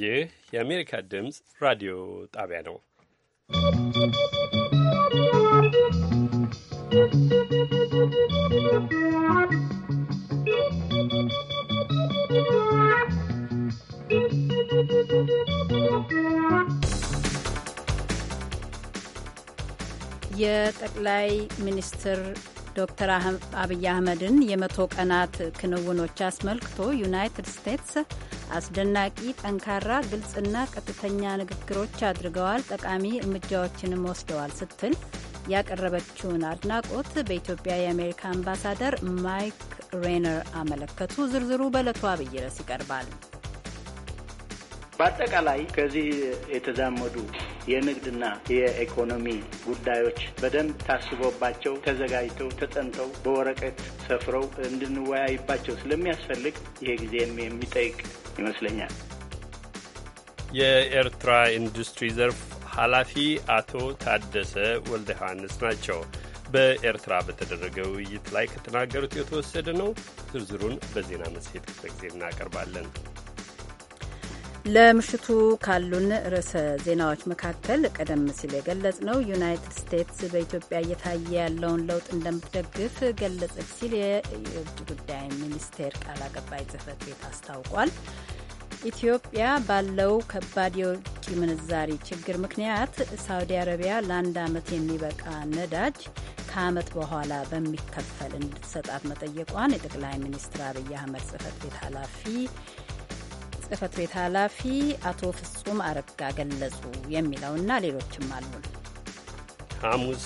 ይህ የአሜሪካ ድምፅ ራዲዮ ጣቢያ ነው። የጠቅላይ ሚኒስትር ዶክተር አብይ አህመድን የመቶ ቀናት ክንውኖች አስመልክቶ ዩናይትድ ስቴትስ አስደናቂ፣ ጠንካራ፣ ግልጽና ቀጥተኛ ንግግሮች አድርገዋል፣ ጠቃሚ እርምጃዎችንም ወስደዋል ስትል ያቀረበችውን አድናቆት በኢትዮጵያ የአሜሪካ አምባሳደር ማይክ ሬነር አመለከቱ። ዝርዝሩ በዕለቱ አብይ ርዕስ ይቀርባል። በአጠቃላይ ከዚህ የተዛመዱ የንግድና የኢኮኖሚ ጉዳዮች በደንብ ታስቦባቸው ተዘጋጅተው ተጠንተው በወረቀት ሰፍረው እንድንወያይባቸው ስለሚያስፈልግ ይሄ ጊዜም የሚጠይቅ ይመስለኛል። የኤርትራ ኢንዱስትሪ ዘርፍ ኃላፊ አቶ ታደሰ ወልደ ዮሐንስ ናቸው። በኤርትራ በተደረገ ውይይት ላይ ከተናገሩት የተወሰደ ነው። ዝርዝሩን በዜና መጽሔት ክፍለ ጊዜ እናቀርባለን። ለምሽቱ ካሉን ርዕሰ ዜናዎች መካከል ቀደም ሲል የገለጽ ነው ዩናይትድ ስቴትስ በኢትዮጵያ እየታየ ያለውን ለውጥ እንደምትደግፍ ገለጸች ሲል የውጭ ጉዳይ ሚኒስቴር ቃል አቀባይ ጽህፈት ቤት አስታውቋል። ኢትዮጵያ ባለው ከባድ የውጭ ምንዛሪ ችግር ምክንያት ሳውዲ አረቢያ ለአንድ ዓመት የሚበቃ ነዳጅ ከዓመት በኋላ በሚከፈል እንድትሰጣት መጠየቋን የጠቅላይ ሚኒስትር አብይ አህመድ ጽህፈት ቤት ኃላፊ ጽህፈት ቤት ኃላፊ አቶ ፍጹም አረጋ ገለጹ የሚለውና ሌሎችም አሉን። ሐሙስ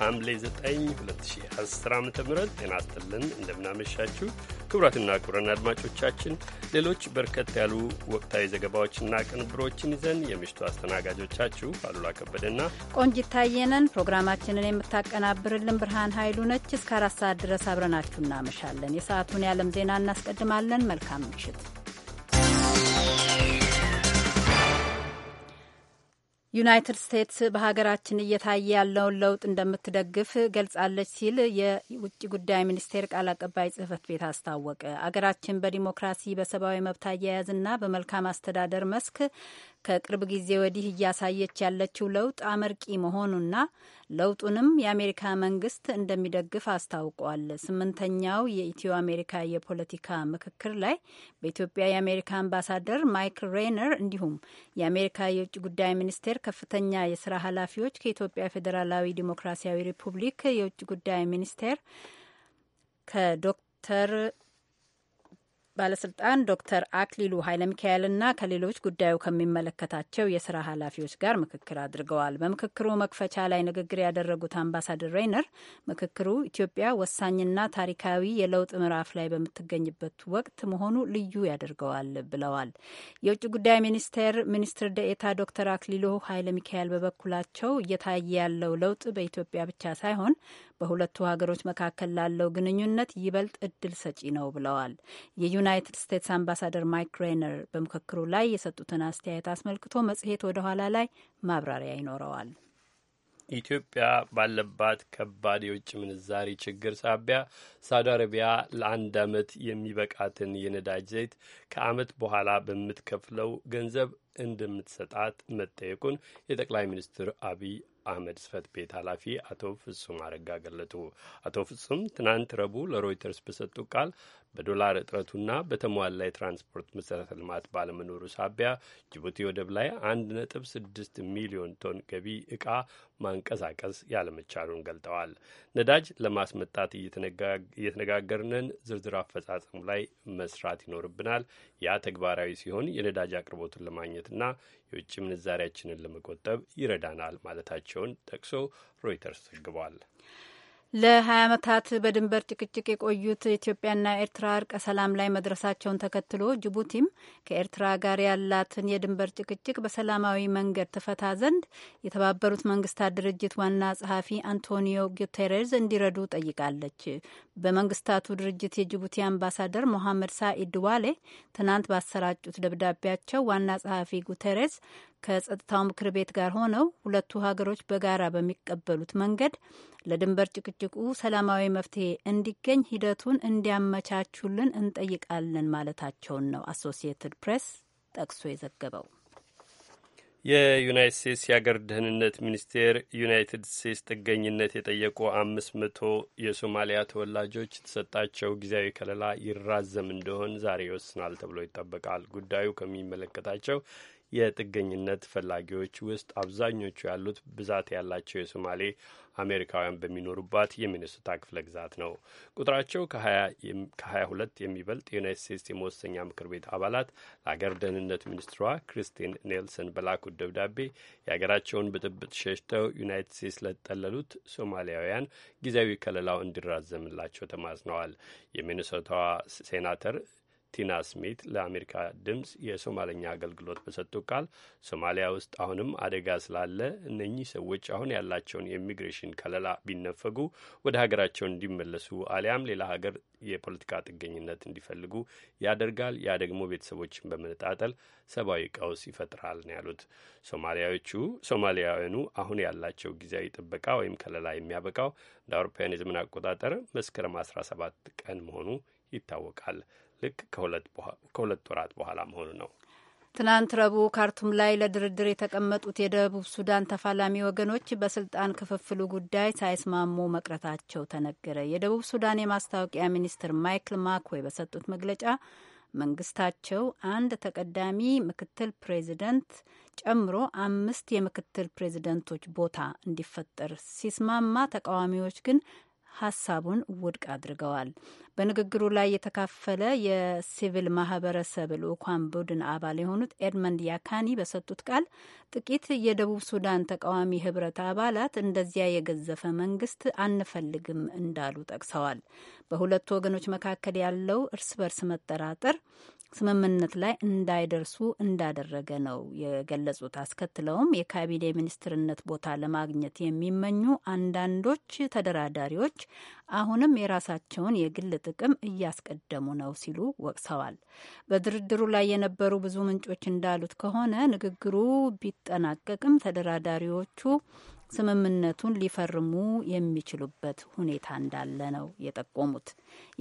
ሐምሌ 9 2010 ዓ ም ጤና ስጥልን፣ እንደምናመሻችሁ ክቡራትና ክቡራን አድማጮቻችን ሌሎች በርከት ያሉ ወቅታዊ ዘገባዎችና ቅንብሮችን ይዘን የምሽቱ አስተናጋጆቻችሁ አሉላ ከበደና ቆንጂት ታየነን። ፕሮግራማችንን የምታቀናብርልን ብርሃን ኃይሉ ነች። እስከ አራት ሰዓት ድረስ አብረናችሁ እናመሻለን። የሰዓቱን የዓለም ዜና እናስቀድማለን። መልካም ምሽት። ዩናይትድ ስቴትስ በሀገራችን እየታየ ያለውን ለውጥ እንደምትደግፍ ገልጻለች ሲል የውጭ ጉዳይ ሚኒስቴር ቃል አቀባይ ጽህፈት ቤት አስታወቀ። አገራችን በዲሞክራሲ በሰብአዊ መብት አያያዝና በመልካም አስተዳደር መስክ ከቅርብ ጊዜ ወዲህ እያሳየች ያለችው ለውጥ አመርቂ መሆኑና ለውጡንም የአሜሪካ መንግስት እንደሚደግፍ አስታውቋል። ስምንተኛው የኢትዮ አሜሪካ የፖለቲካ ምክክር ላይ በኢትዮጵያ የአሜሪካ አምባሳደር ማይክል ሬይነር እንዲሁም የአሜሪካ የውጭ ጉዳይ ሚኒስቴር ከፍተኛ የስራ ኃላፊዎች ከኢትዮጵያ ፌዴራላዊ ዲሞክራሲያዊ ሪፑብሊክ የውጭ ጉዳይ ሚኒስቴር ከዶክተር ባለስልጣን ዶክተር አክሊሉ ሚካኤልና ከሌሎች ጉዳዩ ከሚመለከታቸው የስራ ኃላፊዎች ጋር ምክክር አድርገዋል። በምክክሩ መክፈቻ ላይ ንግግር ያደረጉት አምባሳደር ሬይነር ምክክሩ ኢትዮጵያ ወሳኝና ታሪካዊ የለውጥ ምዕራፍ ላይ በምትገኝበት ወቅት መሆኑ ልዩ ያደርገዋል ብለዋል። የውጭ ጉዳይ ሚኒስቴር ሚኒስትር ደኤታ ዶክተር አክሊሉ ሚካኤል በበኩላቸው እየታየ ያለው ለውጥ በኢትዮጵያ ብቻ ሳይሆን በሁለቱ ሀገሮች መካከል ላለው ግንኙነት ይበልጥ እድል ሰጪ ነው ብለዋል። የዩናይትድ ስቴትስ አምባሳደር ማይክ ሬነር በምክክሩ ላይ የሰጡትን አስተያየት አስመልክቶ መጽሔት ወደ ኋላ ላይ ማብራሪያ ይኖረዋል። ኢትዮጵያ ባለባት ከባድ የውጭ ምንዛሪ ችግር ሳቢያ ሳውዲ አረቢያ ለአንድ ዓመት የሚበቃትን የነዳጅ ዘይት ከዓመት በኋላ በምትከፍለው ገንዘብ እንደምትሰጣት መጠየቁን የጠቅላይ ሚኒስትር አብይ አህመድ ጽህፈት ቤት ኃላፊ አቶ ፍጹም አረጋ ገለጡ። አቶ ፍጹም ትናንት ረቡዕ ለሮይተርስ በሰጡ ቃል በዶላር እጥረቱና በተሟላ የትራንስፖርት መሠረተ ልማት ባለመኖሩ ሳቢያ ጅቡቲ ወደብ ላይ አንድ ነጥብ ስድስት ሚሊዮን ቶን ገቢ ዕቃ ማንቀሳቀስ ያለመቻሉን ገልጠዋል። ነዳጅ ለማስመጣት እየተነጋገርንን ዝርዝር አፈጻጸሙ ላይ መስራት ይኖርብናል። ያ ተግባራዊ ሲሆን የነዳጅ አቅርቦቱን ለማግኘትና የውጭ ምንዛሪያችንን ለመቆጠብ ይረዳናል ማለታቸውን ጠቅሶ ሮይተርስ ዘግቧል። ለ20 ዓመታት በድንበር ጭቅጭቅ የቆዩት ኢትዮጵያና ኤርትራ እርቀ ሰላም ላይ መድረሳቸውን ተከትሎ ጅቡቲም ከኤርትራ ጋር ያላትን የድንበር ጭቅጭቅ በሰላማዊ መንገድ ትፈታ ዘንድ የተባበሩት መንግስታት ድርጅት ዋና ጸሐፊ አንቶኒዮ ጉቴሬዝ እንዲረዱ ጠይቃለች። በመንግስታቱ ድርጅት የጅቡቲ አምባሳደር ሞሐመድ ሳኢድ ዋሌ ትናንት ባሰራጩት ደብዳቤያቸው ዋና ጸሐፊ ጉቴሬዝ ከጸጥታው ምክር ቤት ጋር ሆነው ሁለቱ ሀገሮች በጋራ በሚቀበሉት መንገድ ለድንበር ጭቅጭቁ ሰላማዊ መፍትሄ እንዲገኝ ሂደቱን እንዲያመቻቹልን እንጠይቃለን ማለታቸውን ነው አሶሲየትድ ፕሬስ ጠቅሶ የዘገበው። የዩናይት ስቴትስ የአገር ደህንነት ሚኒስቴር ዩናይትድ ስቴትስ ጥገኝነት የጠየቁ አምስት መቶ የሶማሊያ ተወላጆች የተሰጣቸው ጊዜያዊ ከለላ ይራዘም እንደሆን ዛሬ ይወስናል ተብሎ ይጠበቃል። ጉዳዩ ከሚመለከታቸው የጥገኝነት ፈላጊዎች ውስጥ አብዛኞቹ ያሉት ብዛት ያላቸው የሶማሌ አሜሪካውያን በሚኖሩባት የሚኒሶታ ክፍለ ግዛት ነው። ቁጥራቸው ከሀያ ሁለት የሚበልጥ የዩናይት ስቴትስ የመወሰኛ ምክር ቤት አባላት ለሀገር ደህንነት ሚኒስትሯ ክሪስቲን ኔልሰን በላኩት ደብዳቤ የሀገራቸውን ብጥብጥ ሸሽተው ዩናይት ስቴትስ ለጠለሉት ሶማሊያውያን ጊዜያዊ ከለላው እንዲራዘምላቸው ተማጽነዋል። የሚኒሶታዋ ሴናተር ቲና ስሜት ለአሜሪካ ድምፅ የሶማለኛ አገልግሎት በሰጡ ቃል ሶማሊያ ውስጥ አሁንም አደጋ ስላለ እነኚህ ሰዎች አሁን ያላቸውን የኢሚግሬሽን ከለላ ቢነፈጉ ወደ ሀገራቸው እንዲመለሱ አሊያም ሌላ ሀገር የፖለቲካ ጥገኝነት እንዲፈልጉ ያደርጋል። ያ ደግሞ ቤተሰቦችን በመነጣጠል ሰብአዊ ቀውስ ይፈጥራል ነው ያሉት። ሶማሊያዎቹ ሶማሊያውያኑ አሁን ያላቸው ጊዜያዊ ጥበቃ ወይም ከለላ የሚያበቃው እንደ አውሮፓውያን የዘመን አቆጣጠር መስከረም 17 ቀን መሆኑ ይታወቃል። ልክ ከሁለት ወራት በኋላ መሆኑ ነው። ትናንት ረቡዕ ካርቱም ላይ ለድርድር የተቀመጡት የደቡብ ሱዳን ተፋላሚ ወገኖች በስልጣን ክፍፍሉ ጉዳይ ሳይስማሙ መቅረታቸው ተነገረ። የደቡብ ሱዳን የማስታወቂያ ሚኒስትር ማይክል ማክዌ በሰጡት መግለጫ መንግስታቸው አንድ ተቀዳሚ ምክትል ፕሬዚደንት ጨምሮ አምስት የምክትል ፕሬዚደንቶች ቦታ እንዲፈጠር ሲስማማ፣ ተቃዋሚዎች ግን ሀሳቡን ውድቅ አድርገዋል። በንግግሩ ላይ የተካፈለ የሲቪል ማህበረሰብ ልዑካን ቡድን አባል የሆኑት ኤድመንድ ያካኒ በሰጡት ቃል ጥቂት የደቡብ ሱዳን ተቃዋሚ ህብረት አባላት እንደዚያ የገዘፈ መንግስት አንፈልግም እንዳሉ ጠቅሰዋል። በሁለቱ ወገኖች መካከል ያለው እርስ በርስ መጠራጠር ስምምነት ላይ እንዳይደርሱ እንዳደረገ ነው የገለጹት። አስከትለውም የካቢኔ ሚኒስትርነት ቦታ ለማግኘት የሚመኙ አንዳንዶች ተደራዳሪዎች አሁንም የራሳቸውን የግል ጥቅም እያስቀደሙ ነው ሲሉ ወቅሰዋል። በድርድሩ ላይ የነበሩ ብዙ ምንጮች እንዳሉት ከሆነ ንግግሩ ቢጠናቀቅም ተደራዳሪዎቹ ስምምነቱን ሊፈርሙ የሚችሉበት ሁኔታ እንዳለ ነው የጠቆሙት።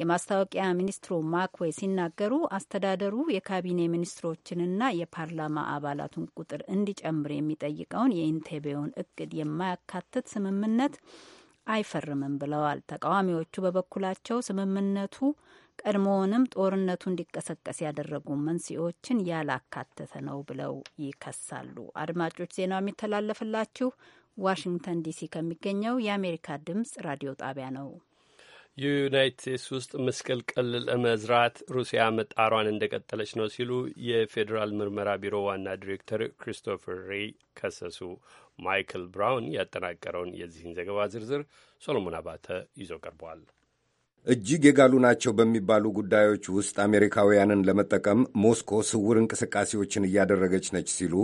የማስታወቂያ ሚኒስትሩ ማክዌ ሲናገሩ አስተዳደሩ የካቢኔ ሚኒስትሮችንና የፓርላማ አባላቱን ቁጥር እንዲጨምር የሚጠይቀውን የኢንቴቤውን እቅድ የማያካትት ስምምነት አይፈርምም ብለዋል። ተቃዋሚዎቹ በበኩላቸው ስምምነቱ ቀድሞውንም ጦርነቱ እንዲቀሰቀስ ያደረጉ መንስኤዎችን ያላካተተ ነው ብለው ይከሳሉ። አድማጮች ዜናው የሚተላለፍላችሁ ዋሽንግተን ዲሲ ከሚገኘው የአሜሪካ ድምፅ ራዲዮ ጣቢያ ነው። የዩናይትድ ስቴትስ ውስጥ ምስቅልቅል ለመዝራት ሩሲያ መጣሯን እንደቀጠለች ነው ሲሉ የፌዴራል ምርመራ ቢሮ ዋና ዲሬክተር ክሪስቶፈር ሬይ ከሰሱ። ማይክል ብራውን ያጠናቀረውን የዚህን ዘገባ ዝርዝር ሶሎሞን አባተ ይዞ ቀርቧል። እጅግ የጋሉ ናቸው በሚባሉ ጉዳዮች ውስጥ አሜሪካውያንን ለመጠቀም ሞስኮ ስውር እንቅስቃሴዎችን እያደረገች ነች ሲሉ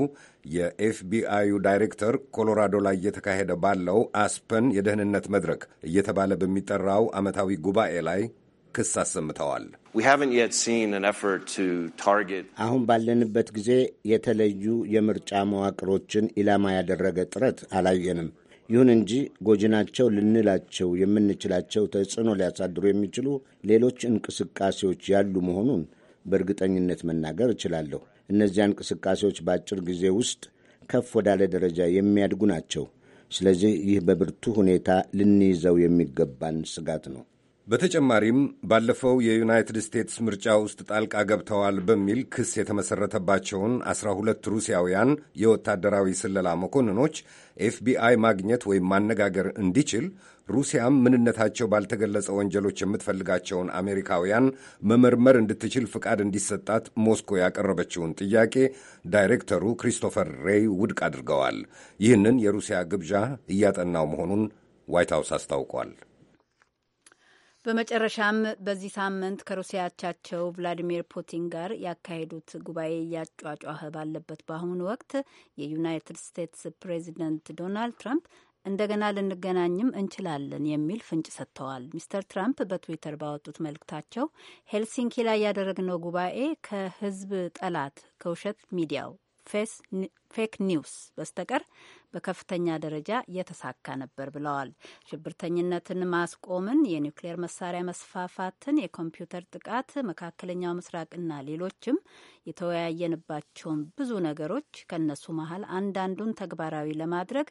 የኤፍቢአዩ ዳይሬክተር ኮሎራዶ ላይ እየተካሄደ ባለው አስፐን የደህንነት መድረክ እየተባለ በሚጠራው ዓመታዊ ጉባኤ ላይ ክስ አሰምተዋል። አሁን ባለንበት ጊዜ የተለዩ የምርጫ መዋቅሮችን ኢላማ ያደረገ ጥረት አላየንም። ይሁን እንጂ ጎጂ ናቸው ልንላቸው የምንችላቸው ተጽዕኖ ሊያሳድሩ የሚችሉ ሌሎች እንቅስቃሴዎች ያሉ መሆኑን በእርግጠኝነት መናገር እችላለሁ። እነዚያ እንቅስቃሴዎች በአጭር ጊዜ ውስጥ ከፍ ወዳለ ደረጃ የሚያድጉ ናቸው። ስለዚህ ይህ በብርቱ ሁኔታ ልንይዘው የሚገባን ስጋት ነው። በተጨማሪም ባለፈው የዩናይትድ ስቴትስ ምርጫ ውስጥ ጣልቃ ገብተዋል በሚል ክስ የተመሰረተባቸውን አስራ ሁለት ሩሲያውያን የወታደራዊ ስለላ መኮንኖች ኤፍቢአይ ማግኘት ወይም ማነጋገር እንዲችል ሩሲያም ምንነታቸው ባልተገለጸ ወንጀሎች የምትፈልጋቸውን አሜሪካውያን መመርመር እንድትችል ፍቃድ እንዲሰጣት ሞስኮ ያቀረበችውን ጥያቄ ዳይሬክተሩ ክሪስቶፈር ሬይ ውድቅ አድርገዋል። ይህንን የሩሲያ ግብዣ እያጠናው መሆኑን ዋይት ሀውስ አስታውቋል። በመጨረሻም በዚህ ሳምንት ከሩሲያቻቸው ቭላዲሚር ፑቲን ጋር ያካሄዱት ጉባኤ እያጫጫኸ ባለበት በአሁኑ ወቅት የዩናይትድ ስቴትስ ፕሬዚደንት ዶናልድ ትራምፕ እንደገና ልንገናኝም እንችላለን የሚል ፍንጭ ሰጥተዋል። ሚስተር ትራምፕ በትዊተር ባወጡት መልእክታቸው ሄልሲንኪ ላይ ያደረግነው ጉባኤ ከህዝብ ጠላት ከውሸት ሚዲያው ፌክ ኒውስ በስተቀር በከፍተኛ ደረጃ የተሳካ ነበር ብለዋል። ሽብርተኝነትን ማስቆምን፣ የኒውክሌር መሳሪያ መስፋፋትን፣ የኮምፒውተር ጥቃት፣ መካከለኛው ምስራቅና ሌሎችም የተወያየንባቸውን ብዙ ነገሮች ከነሱ መሀል አንዳንዱን ተግባራዊ ለማድረግ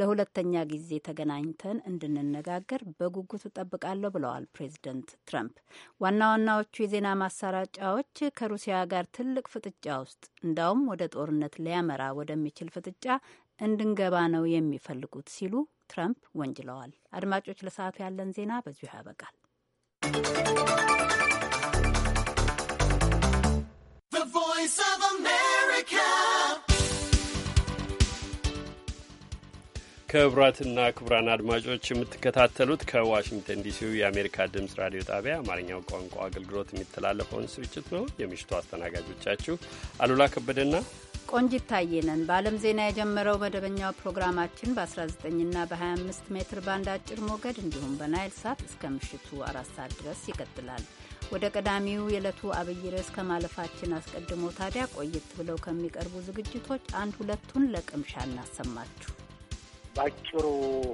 ለሁለተኛ ጊዜ ተገናኝተን እንድንነጋገር በጉጉት እጠብቃለሁ ብለዋል ፕሬዚደንት ትራምፕ። ዋና ዋናዎቹ የዜና ማሰራጫዎች ከሩሲያ ጋር ትልቅ ፍጥጫ ውስጥ እንዳውም ወደ ጦርነት ሊያመራ ወደሚችል ፍጥጫ እንድንገባ ነው የሚፈልጉት ሲሉ ትራምፕ ወንጅለዋል። አድማጮች፣ ለሰዓቱ ያለን ዜና በዚሁ ያበቃል። ክቡራትና ክቡራን አድማጮች የምትከታተሉት ከዋሽንግተን ዲሲው የአሜሪካ ድምፅ ራዲዮ ጣቢያ አማርኛው ቋንቋ አገልግሎት የሚተላለፈውን ስርጭት ነው። የምሽቱ አስተናጋጆቻችሁ አሉላ ከበደና ቆንጂት ታየነን በዓለም ዜና የጀመረው መደበኛው ፕሮግራማችን በ19ና በ25 ሜትር ባንድ አጭር ሞገድ እንዲሁም በናይል ሳት እስከ ምሽቱ አራት ሰዓት ድረስ ይቀጥላል። ወደ ቀዳሚው የዕለቱ አብይ ርዕስ ከማለፋችን አስቀድሞ ታዲያ ቆየት ብለው ከሚቀርቡ ዝግጅቶች አንድ ሁለቱን ለቅምሻ እናሰማችሁ። በአጭሩ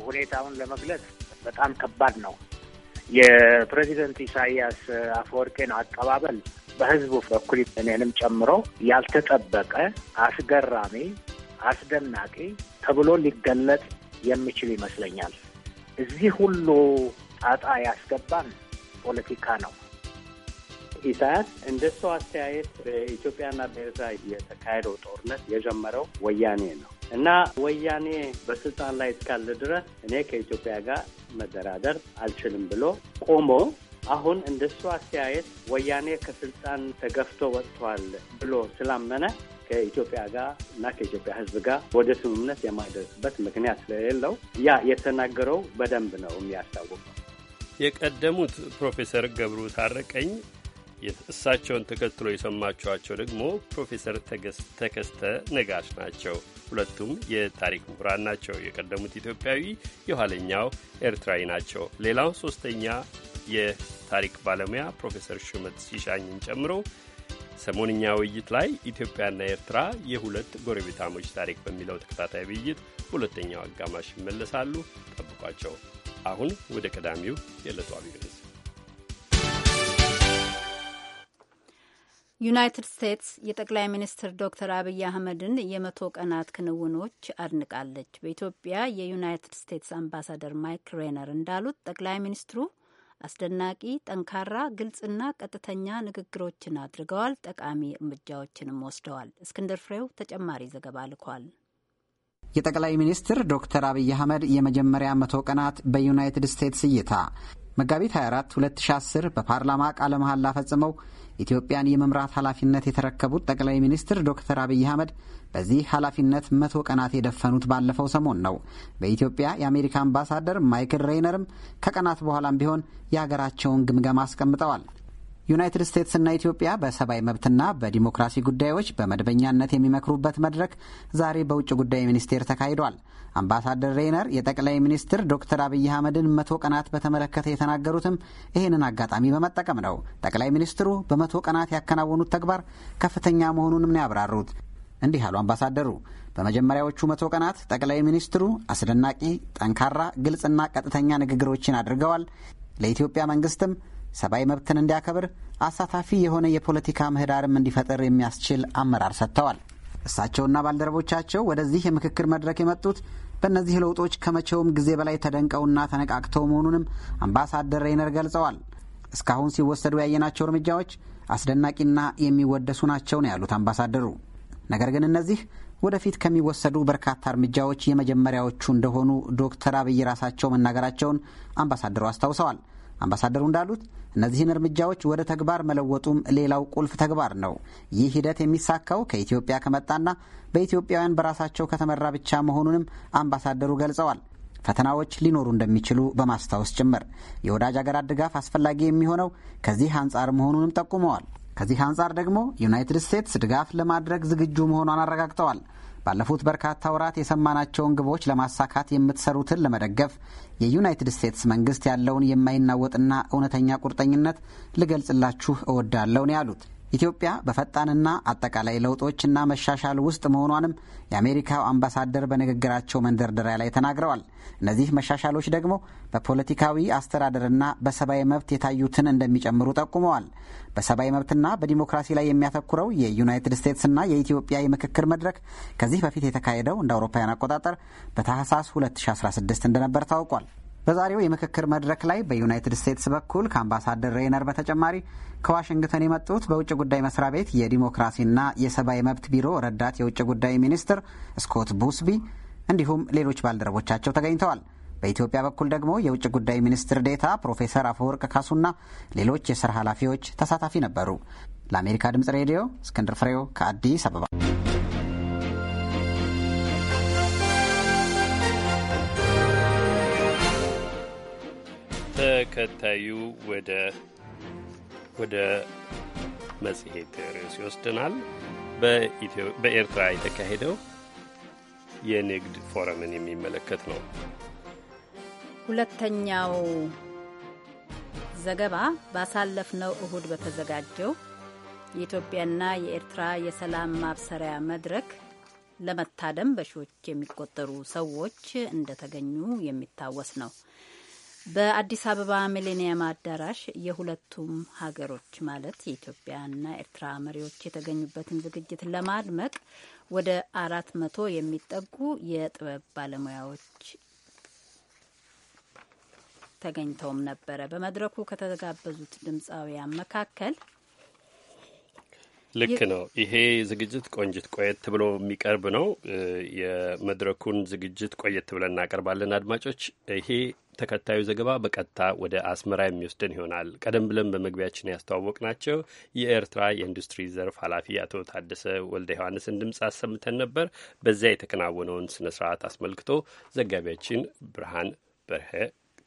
ሁኔታውን ለመግለጽ በጣም ከባድ ነው። የፕሬዚደንት ኢሳያስ አፈወርቄን አቀባበል በህዝቡ በኩል እኔንም ጨምሮ ያልተጠበቀ አስገራሚ፣ አስደናቂ ተብሎ ሊገለጥ የሚችል ይመስለኛል። እዚህ ሁሉ ጣጣ ያስገባን ፖለቲካ ነው። ኢሳያስ እንደ ሰው አስተያየት በኢትዮጵያና በኤርትራ የተካሄደው ጦርነት የጀመረው ወያኔ ነው እና ወያኔ በስልጣን ላይ እስካለ ድረስ እኔ ከኢትዮጵያ ጋር መደራደር አልችልም ብሎ ቆሞ አሁን እንደሱ አስተያየት ወያኔ ከስልጣን ተገፍቶ ወጥቷል ብሎ ስላመነ ከኢትዮጵያ ጋር እና ከኢትዮጵያ ሕዝብ ጋር ወደ ስምምነት የማይደርስበት ምክንያት ስለሌለው ያ የተናገረው በደንብ ነው የሚያስታውቀው። የቀደሙት ፕሮፌሰር ገብሩ ታረቀኝ እሳቸውን ተከትሎ የሰማችኋቸው ደግሞ ፕሮፌሰር ተከስተ ነጋሽ ናቸው። ሁለቱም የታሪክ ምሁራን ናቸው። የቀደሙት ኢትዮጵያዊ፣ የኋለኛው ኤርትራዊ ናቸው። ሌላው ሶስተኛ የታሪክ ባለሙያ ፕሮፌሰር ሹመት ሲሻኝን ጨምሮ ሰሞንኛ ውይይት ላይ ኢትዮጵያና ኤርትራ የሁለት ጎረቤታሞች ታሪክ በሚለው ተከታታይ ውይይት በሁለተኛው አጋማሽ ይመለሳሉ። ጠብቋቸው። አሁን ወደ ቀዳሚው የዕለቱ አብይ ዩናይትድ ስቴትስ የጠቅላይ ሚኒስትር ዶክተር አብይ አህመድን የመቶ ቀናት ክንውኖች አድንቃለች። በኢትዮጵያ የዩናይትድ ስቴትስ አምባሳደር ማይክ ሬነር እንዳሉት ጠቅላይ ሚኒስትሩ አስደናቂ፣ ጠንካራ፣ ግልጽና ቀጥተኛ ንግግሮችን አድርገዋል። ጠቃሚ እርምጃዎችንም ወስደዋል። እስክንድር ፍሬው ተጨማሪ ዘገባ ልኳል። የጠቅላይ ሚኒስትር ዶክተር አብይ አህመድ የመጀመሪያ መቶ ቀናት በዩናይትድ ስቴትስ እይታ መጋቢት 24 2010 በፓርላማ ቃለ መሐላ ፈጽመው ኢትዮጵያን የመምራት ኃላፊነት የተረከቡት ጠቅላይ ሚኒስትር ዶክተር አብይ አህመድ በዚህ ኃላፊነት መቶ ቀናት የደፈኑት ባለፈው ሰሞን ነው። በኢትዮጵያ የአሜሪካ አምባሳደር ማይክል ሬይነርም ከቀናት በኋላም ቢሆን የሀገራቸውን ግምገማ አስቀምጠዋል። ዩናይትድ ስቴትስና ኢትዮጵያ በሰብአዊ መብትና በዲሞክራሲ ጉዳዮች በመደበኛነት የሚመክሩበት መድረክ ዛሬ በውጭ ጉዳይ ሚኒስቴር ተካሂዷል። አምባሳደር ሬይነር የጠቅላይ ሚኒስትር ዶክተር አብይ አህመድን መቶ ቀናት በተመለከተ የተናገሩትም ይህንን አጋጣሚ በመጠቀም ነው። ጠቅላይ ሚኒስትሩ በመቶ ቀናት ያከናወኑት ተግባር ከፍተኛ መሆኑንም ነው ያብራሩት። እንዲህ አሉ አምባሳደሩ። በመጀመሪያዎቹ መቶ ቀናት ጠቅላይ ሚኒስትሩ አስደናቂ፣ ጠንካራ፣ ግልጽና ቀጥተኛ ንግግሮችን አድርገዋል። ለኢትዮጵያ መንግስትም ሰብአዊ መብትን እንዲያከብር አሳታፊ የሆነ የፖለቲካ ምህዳርም እንዲፈጠር የሚያስችል አመራር ሰጥተዋል። እሳቸውና ባልደረቦቻቸው ወደዚህ የምክክር መድረክ የመጡት በእነዚህ ለውጦች ከመቼውም ጊዜ በላይ ተደንቀውና ተነቃቅተው መሆኑንም አምባሳደር ሬይነር ገልጸዋል። እስካሁን ሲወሰዱ ያየናቸው እርምጃዎች አስደናቂና የሚወደሱ ናቸው ነው ያሉት አምባሳደሩ። ነገር ግን እነዚህ ወደፊት ከሚወሰዱ በርካታ እርምጃዎች የመጀመሪያዎቹ እንደሆኑ ዶክተር አብይ ራሳቸው መናገራቸውን አምባሳደሩ አስታውሰዋል። አምባሳደሩ እንዳሉት እነዚህን እርምጃዎች ወደ ተግባር መለወጡም ሌላው ቁልፍ ተግባር ነው። ይህ ሂደት የሚሳካው ከኢትዮጵያ ከመጣና በኢትዮጵያውያን በራሳቸው ከተመራ ብቻ መሆኑንም አምባሳደሩ ገልጸዋል። ፈተናዎች ሊኖሩ እንደሚችሉ በማስታወስ ጭምር የወዳጅ አገራት ድጋፍ አስፈላጊ የሚሆነው ከዚህ አንጻር መሆኑንም ጠቁመዋል። ከዚህ አንጻር ደግሞ ዩናይትድ ስቴትስ ድጋፍ ለማድረግ ዝግጁ መሆኗን አረጋግጠዋል። ባለፉት በርካታ ወራት የሰማናቸውን ግቦች ለማሳካት የምትሰሩትን ለመደገፍ የዩናይትድ ስቴትስ መንግስት ያለውን የማይናወጥና እውነተኛ ቁርጠኝነት ልገልጽላችሁ እወዳለሁ ነው ያሉት። ኢትዮጵያ በፈጣንና አጠቃላይ ለውጦችና መሻሻል ውስጥ መሆኗንም የአሜሪካው አምባሳደር በንግግራቸው መንደርደሪያ ላይ ተናግረዋል። እነዚህ መሻሻሎች ደግሞ በፖለቲካዊ አስተዳደርና በሰብአዊ መብት የታዩትን እንደሚጨምሩ ጠቁመዋል። በሰብአዊ መብትና በዲሞክራሲ ላይ የሚያተኩረው የዩናይትድ ስቴትስና የኢትዮጵያ የምክክር መድረክ ከዚህ በፊት የተካሄደው እንደ አውሮፓውያን አቆጣጠር በታህሳስ 2016 እንደነበር ታውቋል። በዛሬው የምክክር መድረክ ላይ በዩናይትድ ስቴትስ በኩል ከአምባሳደር ሬይነር በተጨማሪ ከዋሽንግተን የመጡት በውጭ ጉዳይ መስሪያ ቤት የዲሞክራሲና የሰብአዊ መብት ቢሮ ረዳት የውጭ ጉዳይ ሚኒስትር ስኮት ቡስቢ እንዲሁም ሌሎች ባልደረቦቻቸው ተገኝተዋል። በኢትዮጵያ በኩል ደግሞ የውጭ ጉዳይ ሚኒስትር ዴታ ፕሮፌሰር አፈወርቅ ካሱና ሌሎች የስራ ኃላፊዎች ተሳታፊ ነበሩ። ለአሜሪካ ድምጽ ሬዲዮ እስክንድር ፍሬው ከአዲስ አበባ ተከታዩ ወደ ወደ መጽሔት ርዕስ ይወስድናል። በኤርትራ የተካሄደው የንግድ ፎረምን የሚመለከት ነው። ሁለተኛው ዘገባ ባሳለፍነው እሁድ በተዘጋጀው የኢትዮጵያና የኤርትራ የሰላም ማብሰሪያ መድረክ ለመታደም በሺዎች የሚቆጠሩ ሰዎች እንደተገኙ የሚታወስ ነው። በአዲስ አበባ ሚሌኒየም አዳራሽ የሁለቱም ሀገሮች ማለት የኢትዮጵያና ኤርትራ መሪዎች የተገኙበትን ዝግጅት ለማድመቅ ወደ አራት መቶ የሚጠጉ የጥበብ ባለሙያዎች ተገኝተውም ነበረ። በመድረኩ ከተጋበዙት ድምፃውያን መካከል ልክ ነው። ይሄ ዝግጅት ቆንጅት ቆየት ብሎ የሚቀርብ ነው። የመድረኩን ዝግጅት ቆየት ብለን እናቀርባለን። አድማጮች ይሄ ተከታዩ ዘገባ በቀጥታ ወደ አስመራ የሚወስደን ይሆናል። ቀደም ብለን በመግቢያችን ያስተዋወቅ ናቸው የኤርትራ የኢንዱስትሪ ዘርፍ ኃላፊ አቶ ታደሰ ወልደ ዮሐንስን ድምፅ አሰምተን ነበር። በዚያ የተከናወነውን ስነ ስርዓት አስመልክቶ ዘጋቢያችን ብርሃን በርሀ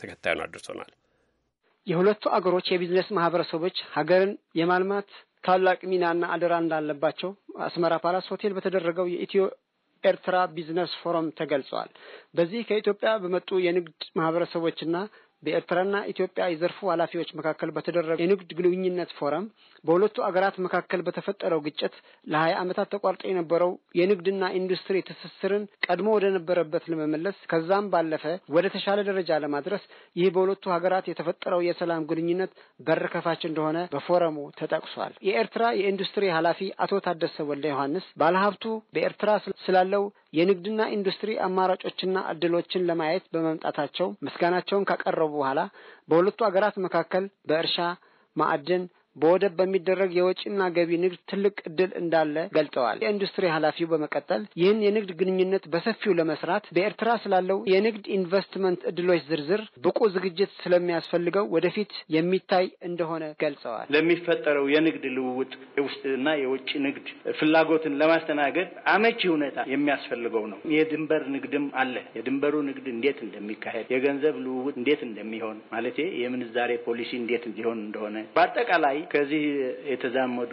ተከታዩን አድርሶናል። የሁለቱ አገሮች የቢዝነስ ማህበረሰቦች ሀገርን የማልማት ታላቅ ሚናና አደራ እንዳለባቸው አስመራ ፓላስ ሆቴል በተደረገው የኢትዮ ኤርትራ ቢዝነስ ፎረም ተገልጿል። በዚህ ከኢትዮጵያ በመጡ የንግድ ማህበረሰቦችና በኤርትራና ኢትዮጵያ የዘርፉ ኃላፊዎች መካከል በተደረገ የንግድ ግንኙነት ፎረም በሁለቱ አገራት መካከል በተፈጠረው ግጭት ለሀያ ዓመታት ተቋርጦ የነበረው የንግድና ኢንዱስትሪ ትስስርን ቀድሞ ወደ ነበረበት ለመመለስ ከዛም ባለፈ ወደ ተሻለ ደረጃ ለማድረስ ይህ በሁለቱ ሀገራት የተፈጠረው የሰላም ግንኙነት በር ከፋች እንደሆነ በፎረሙ ተጠቅሷል። የኤርትራ የኢንዱስትሪ ኃላፊ አቶ ታደሰ ወልደ ዮሐንስ ባለሀብቱ በኤርትራ ስላለው የንግድና ኢንዱስትሪ አማራጮችና እድሎችን ለማየት በመምጣታቸው ምስጋናቸውን ካቀረቡ በኋላ በሁለቱ አገራት መካከል በእርሻ ማዕድን በወደብ በሚደረግ የወጪና ገቢ ንግድ ትልቅ እድል እንዳለ ገልጸዋል። የኢንዱስትሪ ኃላፊው በመቀጠል ይህን የንግድ ግንኙነት በሰፊው ለመስራት በኤርትራ ስላለው የንግድ ኢንቨስትመንት እድሎች ዝርዝር ብቁ ዝግጅት ስለሚያስፈልገው ወደፊት የሚታይ እንደሆነ ገልጸዋል። ለሚፈጠረው የንግድ ልውውጥ የውስጥና የውጭ ንግድ ፍላጎትን ለማስተናገድ አመቺ ሁኔታ የሚያስፈልገው ነው። የድንበር ንግድም አለ። የድንበሩ ንግድ እንዴት እንደሚካሄድ፣ የገንዘብ ልውውጥ እንዴት እንደሚሆን ማለት የምንዛሬ ፖሊሲ እንዴት እንዲሆን እንደሆነ በአጠቃላይ ከዚህ የተዛመዱ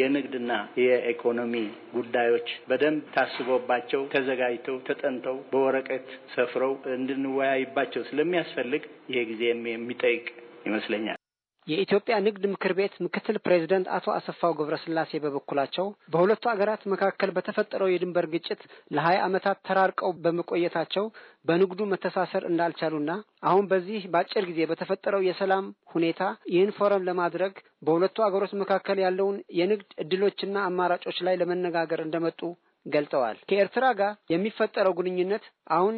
የንግድና የኢኮኖሚ ጉዳዮች በደንብ ታስቦባቸው ተዘጋጅተው ተጠንተው በወረቀት ሰፍረው እንድንወያይባቸው ስለሚያስፈልግ ይሄ ጊዜ የሚጠይቅ ይመስለኛል። የኢትዮጵያ ንግድ ምክር ቤት ምክትል ፕሬዚደንት አቶ አሰፋው ገብረስላሴ በበኩላቸው በሁለቱ አገራት መካከል በተፈጠረው የድንበር ግጭት ለሀያ ዓመታት ተራርቀው በመቆየታቸው በንግዱ መተሳሰር እንዳልቻሉና አሁን በዚህ በአጭር ጊዜ በተፈጠረው የሰላም ሁኔታ ይህን ፎረም ለማድረግ በሁለቱ አገሮች መካከል ያለውን የንግድ እድሎችና አማራጮች ላይ ለመነጋገር እንደመጡ ገልጠዋል። ከኤርትራ ጋር የሚፈጠረው ግንኙነት አሁን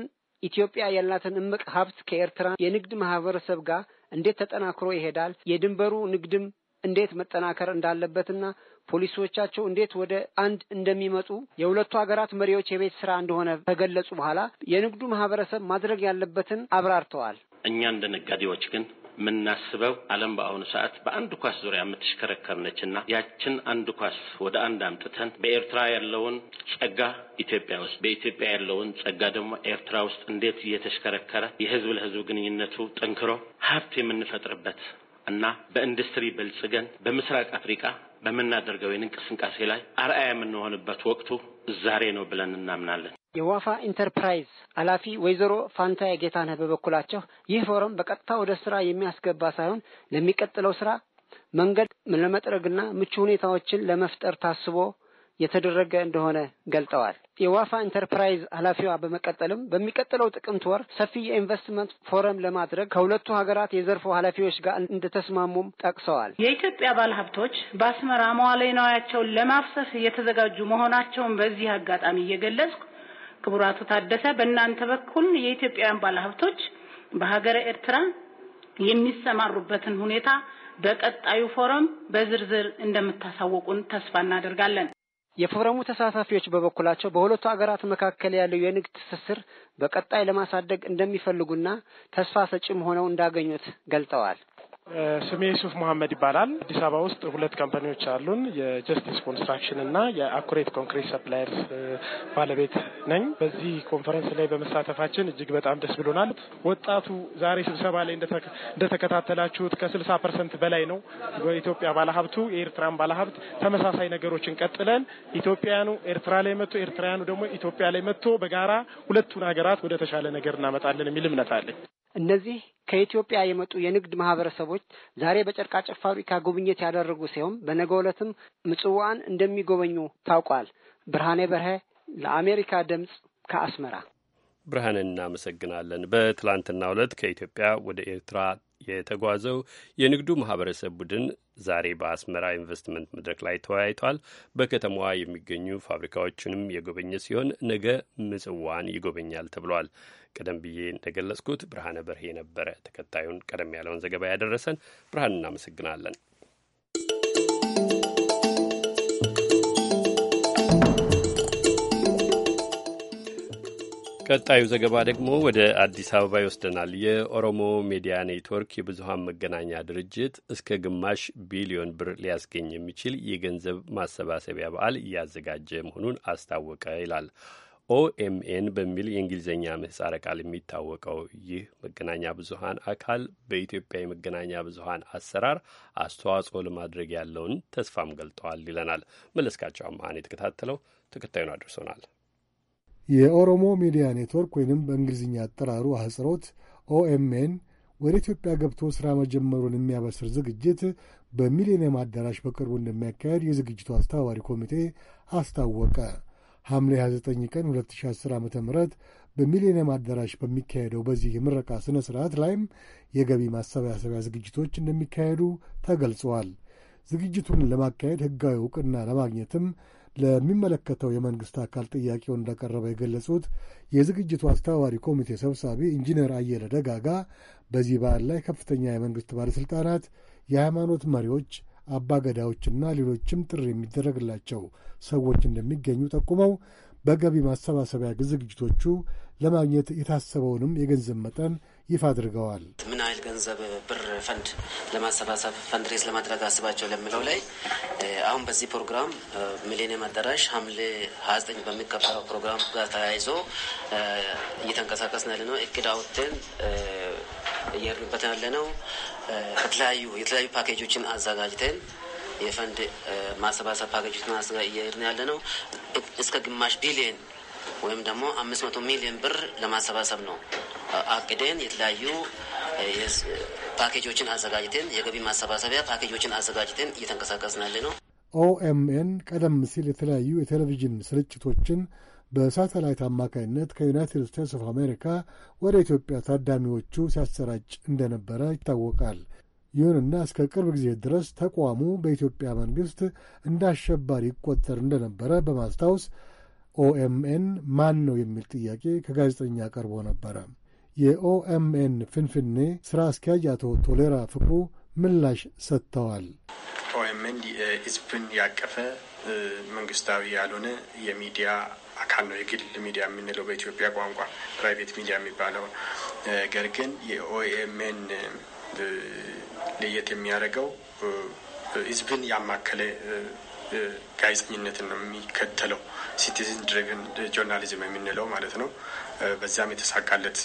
ኢትዮጵያ ያላትን እምቅ ሀብት ከኤርትራ የንግድ ማህበረሰብ ጋር እንዴት ተጠናክሮ ይሄዳል፣ የድንበሩ ንግድም እንዴት መጠናከር እንዳለበትና ፖሊሶቻቸው እንዴት ወደ አንድ እንደሚመጡ የሁለቱ ሀገራት መሪዎች የቤት ስራ እንደሆነ ከገለጹ በኋላ የንግዱ ማህበረሰብ ማድረግ ያለበትን አብራርተዋል። እኛ እንደ ነጋዴዎች ግን የምናስበው ዓለም በአሁኑ ሰዓት በአንድ ኳስ ዙሪያ የምትሽከረከር ነች እና ያችን አንድ ኳስ ወደ አንድ አምጥተን በኤርትራ ያለውን ጸጋ ኢትዮጵያ ውስጥ፣ በኢትዮጵያ ያለውን ጸጋ ደግሞ ኤርትራ ውስጥ እንዴት እየተሽከረከረ የህዝብ ለህዝብ ግንኙነቱ ጠንክሮ ሀብት የምንፈጥርበት እና በኢንዱስትሪ በልጽገን በምስራቅ አፍሪካ በምናደርገው እንቅስቃሴ ላይ አርአያ የምንሆንበት ወቅቱ ዛሬ ነው ብለን እናምናለን። የዋፋ ኢንተርፕራይዝ ኃላፊ ወይዘሮ ፋንታ የጌታነህ በበኩላቸው ይህ ፎረም በቀጥታ ወደ ስራ የሚያስገባ ሳይሆን ለሚቀጥለው ስራ መንገድ ለመጥረግና ምቹ ሁኔታዎችን ለመፍጠር ታስቦ የተደረገ እንደሆነ ገልጠዋል። የዋፋ ኢንተርፕራይዝ ኃላፊዋ በመቀጠልም በሚቀጥለው ጥቅምት ወር ሰፊ የኢንቨስትመንት ፎረም ለማድረግ ከሁለቱ ሀገራት የዘርፎ ኃላፊዎች ጋር እንደተስማሙም ጠቅሰዋል። የኢትዮጵያ ባለሀብቶች በአስመራ መዋዕለ ንዋያቸውን ለማፍሰስ እየተዘጋጁ መሆናቸውን በዚህ አጋጣሚ እየገለጽኩ ክቡር አቶ ታደሰ በእናንተ በኩል የኢትዮጵያውያን ባለሀብቶች በሀገረ ኤርትራ የሚሰማሩበትን ሁኔታ በቀጣዩ ፎረም በዝርዝር እንደምታሳውቁን ተስፋ እናደርጋለን። የፎረሙ ተሳታፊዎች በበኩላቸው በሁለቱ ሀገራት መካከል ያለው የንግድ ትስስር በቀጣይ ለማሳደግ እንደሚፈልጉና ተስፋ ሰጭም ሆነው እንዳገኙት ገልጠዋል። ስሜ ሱፍ መሀመድ ይባላል። አዲስ አበባ ውስጥ ሁለት ካምፓኒዎች አሉን። የጀስቲስ ኮንስትራክሽን እና የአኩሬት ኮንክሪት ሰፕላየርስ ባለቤት ነኝ። በዚህ ኮንፈረንስ ላይ በመሳተፋችን እጅግ በጣም ደስ ብሎናል። ወጣቱ ዛሬ ስብሰባ ላይ እንደተከታተላችሁት ከስልሳ ፐርሰንት በላይ ነው በኢትዮጵያ ባለሀብቱ የኤርትራን ባለሀብት ተመሳሳይ ነገሮችን ቀጥለን ኢትዮጵያውያኑ ኤርትራ ላይ መጥቶ ኤርትራውያኑ ደግሞ ኢትዮጵያ ላይ መጥቶ በጋራ ሁለቱን ሀገራት ወደ ተሻለ ነገር እናመጣለን የሚል እምነት አለኝ። እነዚህ ከኢትዮጵያ የመጡ የንግድ ማህበረሰቦች ዛሬ በጨርቃጨር ፋብሪካ ጉብኝት ያደረጉ ሲሆን በነገ ዕለትም ምጽዋን እንደሚጎበኙ ታውቋል። ብርሃኔ በርሀ ለአሜሪካ ድምፅ ከአስመራ። ብርሃን እናመሰግናለን። በትላንትና ዕለት ከኢትዮጵያ ወደ ኤርትራ የተጓዘው የንግዱ ማህበረሰብ ቡድን ዛሬ በአስመራ ኢንቨስትመንት መድረክ ላይ ተወያይቷል። በከተማዋ የሚገኙ ፋብሪካዎችንም የጎበኘ ሲሆን ነገ ምጽዋን ይጎበኛል ተብሏል። ቀደም ብዬ እንደገለጽኩት ብርሃነ በርሄ ነበረ ተከታዩን ቀደም ያለውን ዘገባ ያደረሰን። ብርሃን እናመሰግናለን። ቀጣዩ ዘገባ ደግሞ ወደ አዲስ አበባ ይወስደናል። የኦሮሞ ሚዲያ ኔትወርክ የብዙሀን መገናኛ ድርጅት እስከ ግማሽ ቢሊዮን ብር ሊያስገኝ የሚችል የገንዘብ ማሰባሰቢያ በዓል እያዘጋጀ መሆኑን አስታወቀ ይላል። ኦኤምኤን በሚል የእንግሊዝኛ ምህጻረ ቃል የሚታወቀው ይህ መገናኛ ብዙሀን አካል በኢትዮጵያ የመገናኛ ብዙሀን አሰራር አስተዋጽኦ ለማድረግ ያለውን ተስፋም ገልጠዋል ይለናል። መለስካቸው አመሀን የተከታተለው ተከታዩን አድርሶናል። የኦሮሞ ሚዲያ ኔትወርክ ወይንም በእንግሊዝኛ አጠራሩ አህጽሮት ኦኤምኤን ወደ ኢትዮጵያ ገብቶ ሥራ መጀመሩን የሚያበስር ዝግጅት በሚሊኒየም አዳራሽ በቅርቡ እንደሚያካሄድ የዝግጅቱ አስተባባሪ ኮሚቴ አስታወቀ። ሐምሌ 29 ቀን 2010 ዓ ም በሚሊኒየም አዳራሽ በሚካሄደው በዚህ የምረቃ ሥነ ሥርዓት ላይም የገቢ ማሰባሰቢያ ዝግጅቶች እንደሚካሄዱ ተገልጸዋል። ዝግጅቱን ለማካሄድ ሕጋዊ ዕውቅና ለማግኘትም ለሚመለከተው የመንግሥት አካል ጥያቄውን እንዳቀረበ የገለጹት የዝግጅቱ አስተባባሪ ኮሚቴ ሰብሳቢ ኢንጂነር አየለ ደጋጋ በዚህ በዓል ላይ ከፍተኛ የመንግሥት ባለሥልጣናት፣ የሃይማኖት መሪዎች፣ አባገዳዎችና ሌሎችም ጥሪ የሚደረግላቸው ሰዎች እንደሚገኙ ጠቁመው በገቢ ማሰባሰቢያ ዝግጅቶቹ ለማግኘት የታሰበውንም የገንዘብ መጠን ይፋ አድርገዋል። ምን ያህል ገንዘብ ብር ፈንድ ለማሰባሰብ ፈንድሬዝ ለማድረግ አስባቸው ለምለው ላይ አሁን በዚህ ፕሮግራም ሚሊኒየም አዳራሽ ሐምሌ 29 በሚከበረው ፕሮግራም ጋር ተያይዞ እየተንቀሳቀስን ያለ ነው። እቅድ አውጥተን እየሄድንበት ያለ ነው። ከተለያዩ የተለያዩ ፓኬጆችን አዘጋጅተን የፈንድ ማሰባሰብ ፓኬጆችን እየሄድን ያለ ነው እስከ ግማሽ ቢሊየን ወይም ደግሞ አምስት መቶ ሚሊዮን ብር ለማሰባሰብ ነው አቅደን የተለያዩ ፓኬጆችን አዘጋጅተን የገቢ ማሰባሰቢያ ፓኬጆችን አዘጋጅተን እየተንቀሳቀስን ነው። ኦኤምኤን ቀደም ሲል የተለያዩ የቴሌቪዥን ስርጭቶችን በሳተላይት አማካኝነት ከዩናይትድ ስቴትስ ኦፍ አሜሪካ ወደ ኢትዮጵያ ታዳሚዎቹ ሲያሰራጭ እንደነበረ ይታወቃል። ይሁንና እስከ ቅርብ ጊዜ ድረስ ተቋሙ በኢትዮጵያ መንግሥት እንደ አሸባሪ ይቆጠር እንደነበረ በማስታወስ ኦኤምኤን ማን ነው የሚል ጥያቄ ከጋዜጠኛ ቀርቦ ነበረ። የኦኤምኤን ፍንፍኔ ስራ አስኪያጅ አቶ ቶሌራ ፍቅሩ ምላሽ ሰጥተዋል። ኦኤምኤን ህዝብን ያቀፈ መንግስታዊ ያልሆነ የሚዲያ አካል ነው። የግል ሚዲያ የምንለው በኢትዮጵያ ቋንቋ ፕራይቬት ሚዲያ የሚባለው ነገር ግን የኦኤምኤን ለየት የሚያደርገው ህዝብን ያማከለ ጋዜጠኝነትን ነው የሚከተለው ሲቲዝን ድሪቨን ጆርናሊዝም የምንለው ማለት ነው። በዛም የተሳካለት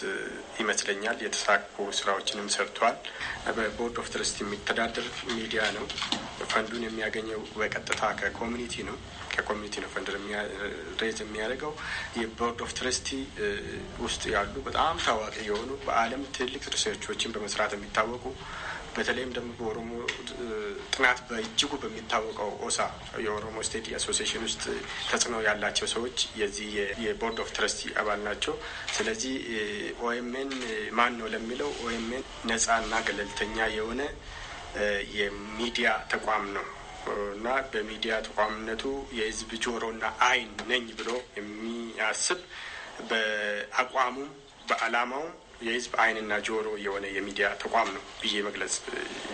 ይመስለኛል። የተሳኩ ስራዎችንም ሰርተዋል። በቦርድ ኦፍ ትረስት የሚተዳደር ሚዲያ ነው። ፈንዱን የሚያገኘው በቀጥታ ከኮሚኒቲ ነው። ከኮሚኒቲ ነው ፈንድ ሬዝ የሚያደርገው። የቦርድ ኦፍ ትረስቲ ውስጥ ያሉ በጣም ታዋቂ የሆኑ በዓለም ትልቅ ሪሰርቾችን በመስራት የሚታወቁ በተለይም ደግሞ በኦሮሞ ጥናት በእጅጉ በሚታወቀው ኦሳ የኦሮሞ ስቴት አሶሲሽን ውስጥ ተጽዕኖ ያላቸው ሰዎች የዚህ የቦርድ ኦፍ ትረስቲ አባል ናቸው። ስለዚህ ኦኤምኤን ማን ነው ለሚለው ኦኤምኤን ነጻና ገለልተኛ የሆነ የሚዲያ ተቋም ነው እና በሚዲያ ተቋምነቱ የህዝብ ጆሮና አይን ነኝ ብሎ የሚያስብ በአቋሙም በዓላማውም የህዝብ አይንና ጆሮ የሆነ የሚዲያ ተቋም ነው ብዬ መግለጽ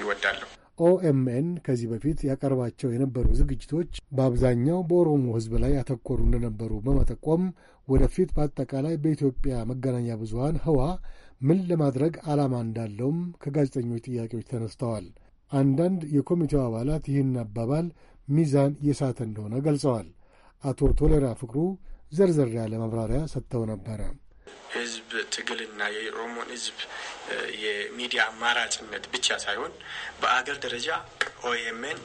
ይወዳለሁ። ኦኤምኤን ከዚህ በፊት ያቀርባቸው የነበሩ ዝግጅቶች በአብዛኛው በኦሮሞ ህዝብ ላይ ያተኮሩ እንደነበሩ በመጠቆም ወደፊት በአጠቃላይ በኢትዮጵያ መገናኛ ብዙኃን ህዋ ምን ለማድረግ ዓላማ እንዳለውም ከጋዜጠኞች ጥያቄዎች ተነስተዋል። አንዳንድ የኮሚቴው አባላት ይህን አባባል ሚዛን የሳተ እንደሆነ ገልጸዋል። አቶ ቶሌራ ፍቅሩ ዘርዘር ያለ ማብራሪያ ሰጥተው ነበረ። ህዝብ ትግልና የኦሮሞን ህዝብ የሚዲያ አማራጭነት ብቻ ሳይሆን በአገር ደረጃ ኦኤምን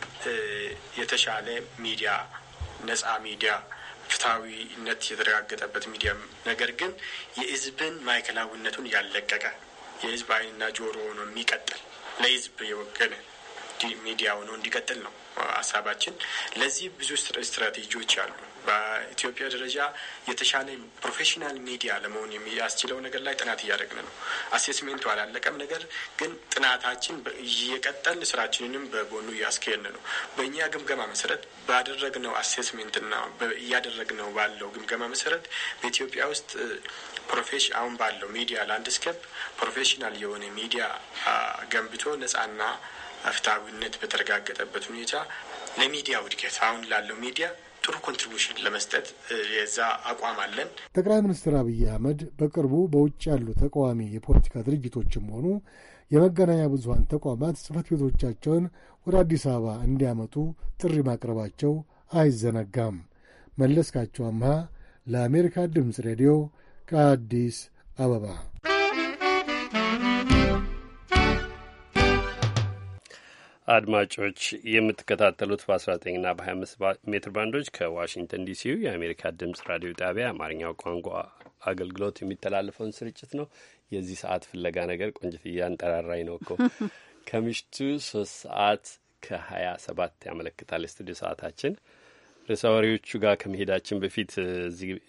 የተሻለ ሚዲያ፣ ነጻ ሚዲያ፣ ፍትሐዊነት የተረጋገጠበት ሚዲያ ነገር ግን የህዝብን ማዕከላዊነቱን ያለቀቀ የህዝብ አይንና ጆሮ ሆኖ የሚቀጥል ለህዝብ የወገነ ሚዲያ ሆኖ እንዲቀጥል ነው ሀሳባችን። ለዚህ ብዙ ስትራቴጂዎች አሉ። በኢትዮጵያ ደረጃ የተሻለ ፕሮፌሽናል ሚዲያ ለመሆን የሚያስችለው ነገር ላይ ጥናት እያደረግን ነው። አሴስሜንቱ አላለቀም። ነገር ግን ጥናታችን እየቀጠል ስራችንንም በጎኑ እያስካሄድን ነው። በእኛ ግምገማ መሰረት ባደረግነው አሴስሜንትና እያደረግነው ባለው ግምገማ መሰረት በኢትዮጵያ ውስጥ ፕሮፌሽ አሁን ባለው ሚዲያ ላንድስኬፕ ፕሮፌሽናል የሆነ ሚዲያ ገንብቶ ነጻና ፍትሐዊነት በተረጋገጠበት ሁኔታ ለሚዲያው እድገት አሁን ላለው ሚዲያ ጥሩ ኮንትሪቢሽን ለመስጠት የዛ አቋም አለን። ጠቅላይ ሚኒስትር አብይ አህመድ በቅርቡ በውጭ ያሉ ተቃዋሚ የፖለቲካ ድርጅቶችም ሆኑ የመገናኛ ብዙሀን ተቋማት ጽህፈት ቤቶቻቸውን ወደ አዲስ አበባ እንዲያመጡ ጥሪ ማቅረባቸው አይዘነጋም። መለስካቸው አምሃ ለአሜሪካ ድምፅ ሬዲዮ ከአዲስ አበባ አድማጮች የምትከታተሉት በ19ና በ25 ሜትር ባንዶች ከዋሽንግተን ዲሲው የአሜሪካ ድምፅ ራዲዮ ጣቢያ አማርኛው ቋንቋ አገልግሎት የሚተላለፈውን ስርጭት ነው። የዚህ ሰዓት ፍለጋ ነገር ቆንጅት እያንጠራራኝ ነው እኮ ከምሽቱ ሶስት ሰዓት ከሀያ ሰባት ያመለክታል የስቱዲዮ ሰዓታችን። ርዕሰ ወሬዎቹ ጋር ከመሄዳችን በፊት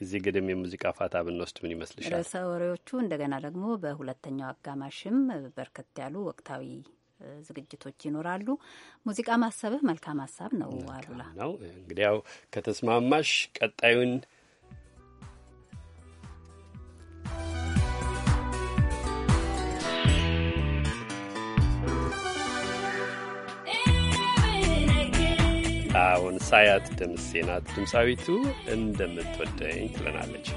እዚህ ግድም የሙዚቃ ፋታ ብንወስድ ምን ይመስልሻል? ርዕሰ ወሬዎቹ እንደገና ደግሞ በሁለተኛው አጋማሽም በርከት ያሉ ወቅታዊ ዝግጅቶች ይኖራሉ። ሙዚቃ ማሰብህ መልካም ሀሳብ ነው አሉላ ነው። እንግዲያው ከተስማማሽ ቀጣዩን አሁን ሳያት ደምሴ ናት ድምፃዊቱ እንደምትወደኝ ትለናለች።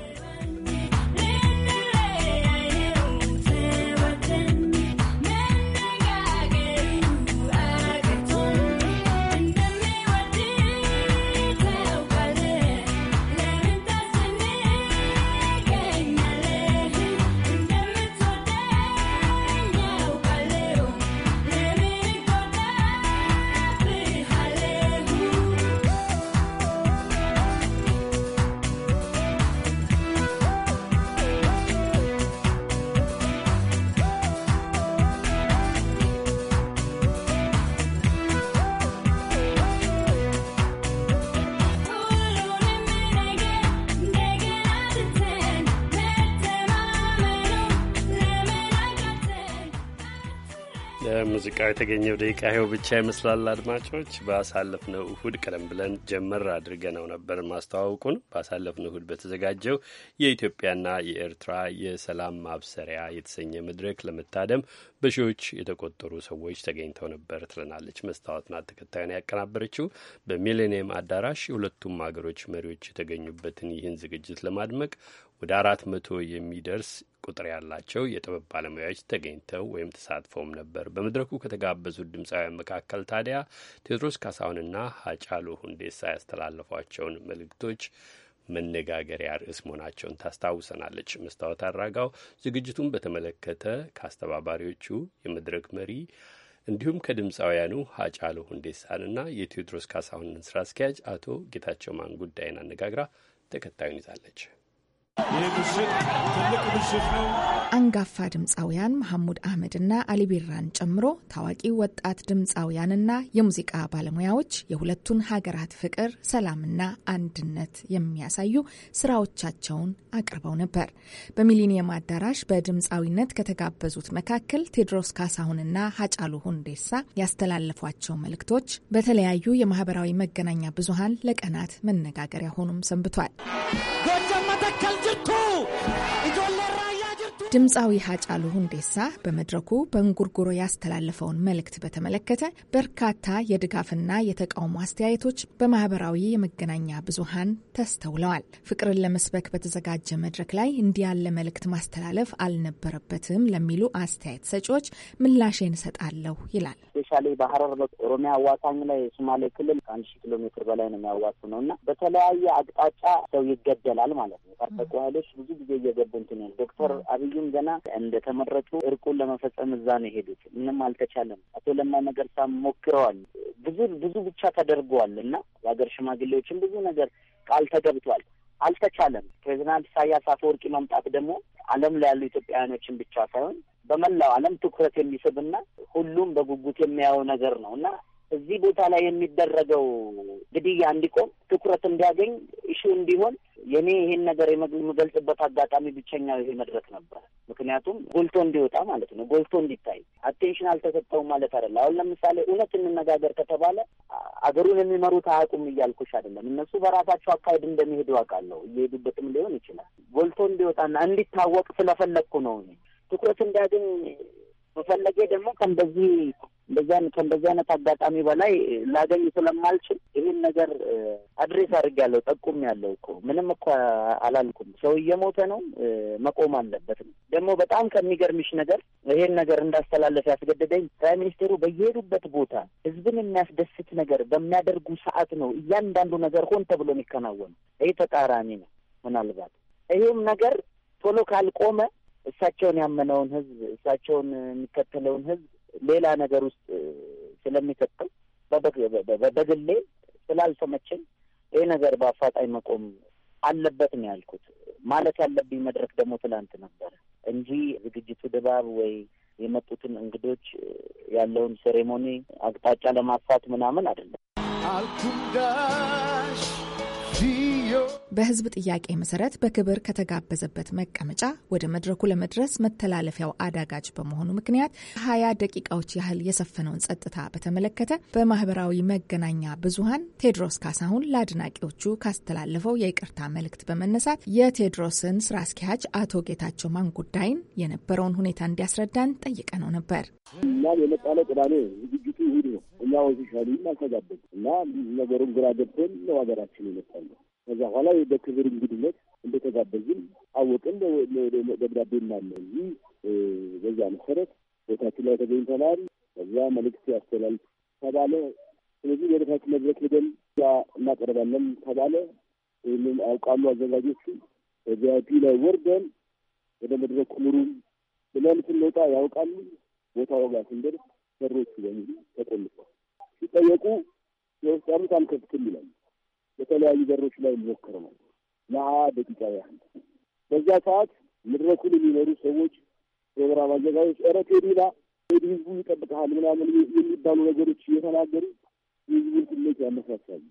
ሙዚቃ የተገኘው ደቂቃ ይኸው ብቻ ይመስላል። አድማጮች ባሳለፍነው እሁድ ቀደም ብለን ጀመር አድርገነው ነበር ማስተዋወቁን። ባሳለፍነው እሁድ በተዘጋጀው የኢትዮጵያና የኤርትራ የሰላም ማብሰሪያ የተሰኘ መድረክ ለመታደም በሺዎች የተቆጠሩ ሰዎች ተገኝተው ነበር ትለናለች መስታወት ናት ተከታዩን ያቀናበረችው። በሚሌኒየም አዳራሽ የሁለቱም ሀገሮች መሪዎች የተገኙበትን ይህን ዝግጅት ለማድመቅ ወደ አራት መቶ የሚደርስ ቁጥር ያላቸው የጥበብ ባለሙያዎች ተገኝተው ወይም ተሳትፈውም ነበር። በመድረኩ ከተጋበዙት ድምፃውያን መካከል ታዲያ ቴዎድሮስ ካሳሁንና ሀጫሉ ሁንዴሳ ያስተላለፏቸውን መልእክቶች መነጋገሪያ ርዕስ መሆናቸውን ታስታውሰናለች። መስታወት አራጋው ዝግጅቱን በተመለከተ ከአስተባባሪዎቹ የመድረክ መሪ እንዲሁም ከድምፃውያኑ ሀጫሉ ሁንዴሳንና የቴዎድሮስ ካሳሁንን ስራ አስኪያጅ አቶ ጌታቸው ጉዳይን አነጋግራ ተከታዩን ይዛለች። አንጋፋ ድምፃውያን መሐሙድ አህመድ እና አሊቢራን ጨምሮ ታዋቂ ወጣት ድምፃውያንና የሙዚቃ ባለሙያዎች የሁለቱን ሀገራት ፍቅር፣ ሰላምና አንድነት የሚያሳዩ ስራዎቻቸውን አቅርበው ነበር። በሚሊኒየም አዳራሽ በድምፃዊነት ከተጋበዙት መካከል ቴዎድሮስ ካሳሁንና ሀጫሉ ሁንዴሳ ያስተላለፏቸው መልእክቶች በተለያዩ የማህበራዊ መገናኛ ብዙሃን ለቀናት መነጋገሪያ ሆኑም ሰንብቷል። ድምፃዊ ሀጫሉ ሁንዴሳ በመድረኩ በእንጉርጉሮ ያስተላለፈውን መልእክት በተመለከተ በርካታ የድጋፍና የተቃውሞ አስተያየቶች በማህበራዊ የመገናኛ ብዙሃን ተስተውለዋል። ፍቅርን ለመስበክ በተዘጋጀ መድረክ ላይ እንዲህ ያለ መልእክት ማስተላለፍ አልነበረበትም ለሚሉ አስተያየት ሰጪዎች ምላሽ እሰጣለሁ ይላል። ስፔሻሊ በሀረር ኦሮሚያ አዋሳኝ ላይ የሶማሌ ክልል ከአንድ ሺህ ኪሎ ሜትር በላይ ነው የሚያዋሱ ነው እና በተለያየ አቅጣጫ ሰው ይገደላል ማለት ነው። የታጠቁ ኃይሎች ብዙ ጊዜ እየገቡ እንትን ዶክተር አብይ ግን ገና እንደተመረጡ እርቁን ለመፈጸም እዛ ነው የሄዱት። ምንም አልተቻለም። አቶ ለማ መገርሳ ሞክረዋል። ብዙ ብዙ ብቻ ተደርገዋል እና የሀገር ሽማግሌዎችን ብዙ ነገር ቃል ተገብቷል። አልተቻለም። ፕሬዚዳንት ኢሳያስ አፈወርቂ መምጣት ደግሞ ዓለም ላይ ያሉ ኢትዮጵያውያኖችን ብቻ ሳይሆን በመላው ዓለም ትኩረት የሚስብና ሁሉም በጉጉት የሚያየው ነገር ነው እና እዚህ ቦታ ላይ የሚደረገው ግድያ እንዲቆም ትኩረት እንዲያገኝ እሹ እንዲሆን የኔ ይሄን ነገር የምገልጽበት አጋጣሚ ብቸኛው ይሄ መድረክ ነበር። ምክንያቱም ጎልቶ እንዲወጣ ማለት ነው፣ ጎልቶ እንዲታይ። አቴንሽን አልተሰጠውም ማለት አይደለ። አሁን ለምሳሌ እውነት እንነጋገር ከተባለ አገሩን የሚመሩት አያውቁም እያልኩሽ አይደለም። እነሱ በራሳቸው አካሄድ እንደሚሄዱ አውቃለሁ፣ እየሄዱበትም ሊሆን ይችላል። ጎልቶ እንዲወጣና እንዲታወቅ ስለፈለግኩ ነው። ትኩረት እንዲያገኝ መፈለጌ ደግሞ ከእንደዚህ እንደዚያን ከእንደዚህ አይነት አጋጣሚ በላይ ላገኝ ስለማልችል ይህን ነገር አድሬስ አድርጌያለሁ። ጠቁም ያለው እኮ ምንም እኮ አላልኩም። ሰው እየሞተ ነው፣ መቆም አለበት ነው። ደግሞ በጣም ከሚገርምሽ ነገር ይሄን ነገር እንዳስተላለፍ ያስገደደኝ ጠቅላይ ሚኒስቴሩ በየሄዱበት ቦታ ህዝብን የሚያስደስት ነገር በሚያደርጉ ሰዓት ነው እያንዳንዱ ነገር ሆን ተብሎ የሚከናወኑ። ይህ ተቃራኒ ነው። ምናልባት ይህም ነገር ቶሎ ካልቆመ እሳቸውን ያመነውን ህዝብ እሳቸውን የሚከተለውን ህዝብ ሌላ ነገር ውስጥ ስለሚከተው በግሌ ስላልተመቸኝ ይህ ነገር በአፋጣኝ መቆም አለበት ነው ያልኩት። ማለት ያለብኝ መድረክ ደግሞ ትናንት ነበረ እንጂ ዝግጅቱ ድባብ ወይ የመጡትን እንግዶች ያለውን ሴሬሞኒ አቅጣጫ ለማሳት ምናምን አይደለም። በህዝብ ጥያቄ መሰረት በክብር ከተጋበዘበት መቀመጫ ወደ መድረኩ ለመድረስ መተላለፊያው አዳጋጅ በመሆኑ ምክንያት ሀያ ደቂቃዎች ያህል የሰፈነውን ጸጥታ በተመለከተ በማህበራዊ መገናኛ ብዙሀን ቴድሮስ ካሳሁን ለአድናቂዎቹ ካስተላለፈው የይቅርታ መልእክት በመነሳት የቴድሮስን ስራ አስኪያጅ አቶ ጌታቸው ማንጉዳይን የነበረውን ሁኔታ እንዲያስረዳን ነው ነበር። ቅዳሜ ዝግጅቱ ይሁድ ነው። እኛ ወሲሻሊ አልተጋበዝም እና ነገሩን ግራ ገብቶን ነው ሀገራችን ነው ከዛ በኋላ በክብር እንግድነት እንደተጋበዝን አወቅን። ደብዳቤ ናለ እዚህ በዛ መሰረት ቦታችን ላይ ተገኝተናል። ከዛ መልእክት ያስተላልፍ ተባለ። ስለዚህ ወደታችን መድረክ ሄደን እናቀርባለን ተባለ። ይህንን አውቃሉ አዘጋጆቹ። በቪአይፒ ላይ ወርደን ወደ መድረክ ምሩም ብለን ስንወጣ ያውቃሉ። ቦታው ጋር ስንደርስ በሮቹ በሙሉ ተቆልፏል። ሲጠየቁ የውስጥ አሉት አንከፍትም ይላሉ። በተለያዩ በሮች ላይ ሊሞክር ነው ለሀያ ደቂቃ ያህል። በዚያ ሰዓት መድረኩን የሚመሩ ሰዎች ፕሮግራም አዘጋጆች ኧረ ቴዲላ ቴዲ ህዝቡ ይጠብቀሃል ምናምን የሚባሉ ነገሮች እየተናገሩ የህዝቡን ስሜት ያመሳሳሉ።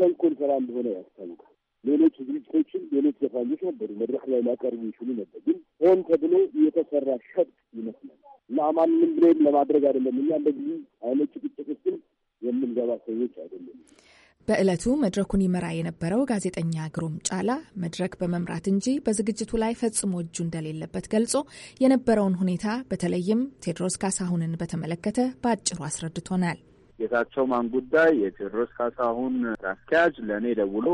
ተንኮል ስራ እንደሆነ ያስታውቃል። ሌሎች ዝግጅቶችን ሌሎች ዘፋኞች ነበሩ መድረክ ላይ ሊያቀርቡ ይችሉ ነበር፣ ግን ሆን ተብሎ የተሰራ ሸጥ ይመስላል እና ማንም ብሎም ለማድረግ አይደለም። እኛ እንደዚህ አይነት ጭቅጭቅ ውስጥ የምንገባ ሰዎች አይደለም። በዕለቱ መድረኩን ይመራ የነበረው ጋዜጠኛ ግሩም ጫላ መድረክ በመምራት እንጂ በዝግጅቱ ላይ ፈጽሞ እጁ እንደሌለበት ገልጾ የነበረውን ሁኔታ በተለይም ቴዎድሮስ ካሳሁንን በተመለከተ በአጭሩ አስረድቶናል። ጌታቸው ማን ጉዳይ የቴዎድሮስ ካሳሁን አስኪያጅ ለእኔ ደውሎ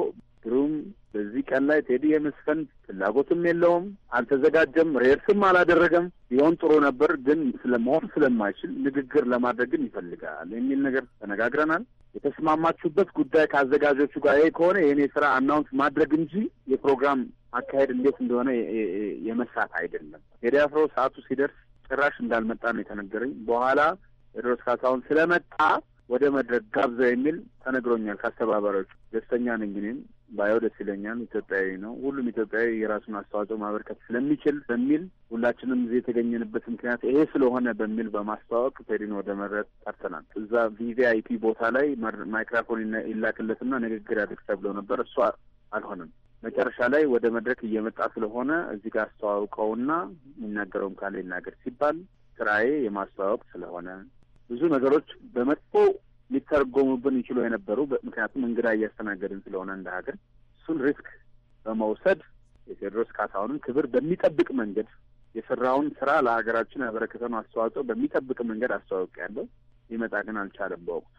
ግሩም በዚህ ቀን ላይ ቴዲ የመስፈን ፍላጎትም የለውም፣ አልተዘጋጀም፣ ሬርስም አላደረገም። ቢሆን ጥሩ ነበር፣ ግን ስለመሆን ስለማይችል ንግግር ለማድረግ ግን ይፈልጋል የሚል ነገር ተነጋግረናል። የተስማማችሁበት ጉዳይ ከአዘጋጆቹ ጋር ይሄ ከሆነ ይህን ስራ አናውንስ ማድረግ እንጂ የፕሮግራም አካሄድ እንዴት እንደሆነ የመሳት አይደለም። የዲያፍሮ አፍሮ ሰዓቱ ሲደርስ ጭራሽ እንዳልመጣ ነው የተነገረኝ። በኋላ ቴዎድሮስ ካሳሁን ስለመጣ ወደ መድረክ ጋብዘው የሚል ተነግሮኛል ከአስተባባሪዎቹ። ደስተኛ ነኝ እኔም ባየው ደስ ይለኛል። ኢትዮጵያዊ ነው። ሁሉም ኢትዮጵያዊ የራሱን አስተዋጽኦ ማበርከት ስለሚችል በሚል ሁላችንም እዚህ የተገኘንበት ምክንያት ይሄ ስለሆነ በሚል በማስተዋወቅ ቴዲን ወደ መድረክ ጠርተናል። እዛ ቪቪአይፒ ቦታ ላይ ማይክራፎን ይላክለትና ንግግር ያድርግ ተብሎ ነበር። እሱ አልሆነም። መጨረሻ ላይ ወደ መድረክ እየመጣ ስለሆነ እዚህ ጋር አስተዋውቀውና የሚናገረውም ካለ ይናገር ሲባል ስራዬ የማስተዋወቅ ስለሆነ ብዙ ነገሮች በመጥፎ ሊተረጎሙብን ይችሉ የነበሩ ምክንያቱም እንግዳ እያስተናገድን ስለሆነ እንደ ሀገር እሱን ሪስክ በመውሰድ የቴዎድሮስ ካሳሁንን ክብር በሚጠብቅ መንገድ የሰራውን ስራ ለሀገራችን ያበረከተውን አስተዋጽኦ በሚጠብቅ መንገድ አስተዋወቅ ያለው ሊመጣ ግን አልቻለም። በወቅቱ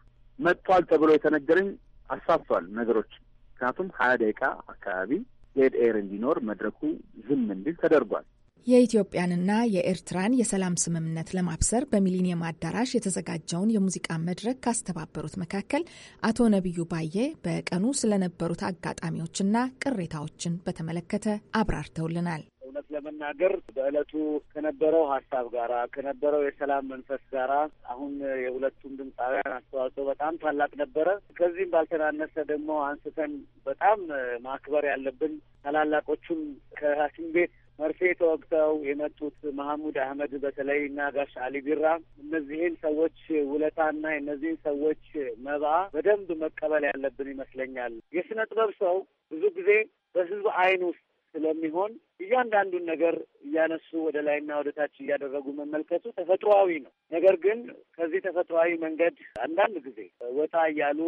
መጥቷል ተብሎ የተነገረኝ አሳፍቷል ነገሮች። ምክንያቱም ሀያ ደቂቃ አካባቢ ዴድ ኤር እንዲኖር መድረኩ ዝም እንዲል ተደርጓል። የኢትዮጵያንና የኤርትራን የሰላም ስምምነት ለማብሰር በሚሊኒየም አዳራሽ የተዘጋጀውን የሙዚቃ መድረክ ካስተባበሩት መካከል አቶ ነቢዩ ባዬ በቀኑ ስለነበሩት አጋጣሚዎችና ቅሬታዎችን በተመለከተ አብራርተውልናል። እውነት ለመናገር በእለቱ ከነበረው ሀሳብ ጋራ ከነበረው የሰላም መንፈስ ጋራ አሁን የሁለቱም ድምፃውያን አስተዋጽኦ በጣም ታላቅ ነበረ። ከዚህም ባልተናነሰ ደግሞ አንስተን በጣም ማክበር ያለብን ታላላቆቹም ከሐኪም ቤት መርፌ ተወግተው የመጡት መሀሙድ አህመድ በተለይ እና ጋሽ አሊ ቢራ እነዚህን ሰዎች ውለታና የእነዚህን ሰዎች መባ በደንብ መቀበል ያለብን ይመስለኛል። የስነ ጥበብ ሰው ብዙ ጊዜ በህዝብ አይን ውስጥ ስለሚሆን እያንዳንዱን ነገር እያነሱ ወደ ላይና ወደ ታች እያደረጉ መመልከቱ ተፈጥሯዊ ነው። ነገር ግን ከዚህ ተፈጥሯዊ መንገድ አንዳንድ ጊዜ ወጣ እያሉ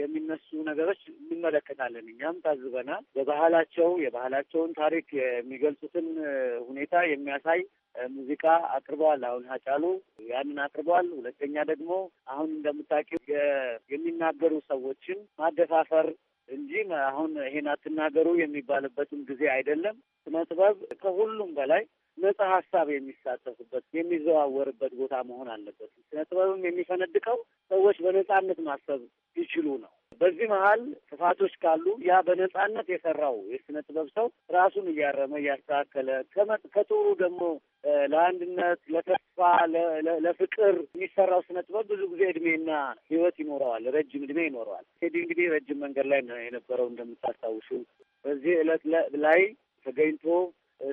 የሚነሱ ነገሮች እንመለከታለን። እኛም ታዝበናል። በባህላቸው የባህላቸውን ታሪክ የሚገልጹትን ሁኔታ የሚያሳይ ሙዚቃ አቅርበዋል። አሁን ሀጫሉ ያንን አቅርበዋል። ሁለተኛ ደግሞ አሁን እንደምታውቂው የሚናገሩ ሰዎችን ማደፋፈር እንጂ አሁን ይሄን አትናገሩ የሚባልበትም ጊዜ አይደለም። ስነ ጥበብ ከሁሉም በላይ ነጻ ሀሳብ የሚሳተፉበት የሚዘዋወርበት ቦታ መሆን አለበት። ስነ ጥበብም የሚፈነድቀው ሰዎች በነጻነት ማሰብ ይችሉ ነው። በዚህ መሀል ጥፋቶች ካሉ ያ በነጻነት የሰራው የስነ ጥበብ ሰው ራሱን እያረመ እያስተካከለ ከጥሩ ደግሞ ለአንድነት፣ ለተስፋ፣ ለፍቅር የሚሰራው ስነ ጥበብ ብዙ ጊዜ እድሜና ህይወት ይኖረዋል፣ ረጅም እድሜ ይኖረዋል። ቴዲ እንግዲህ ረጅም መንገድ ላይ የነበረው እንደምታስታውሱ በዚህ ዕለት ላይ ተገኝቶ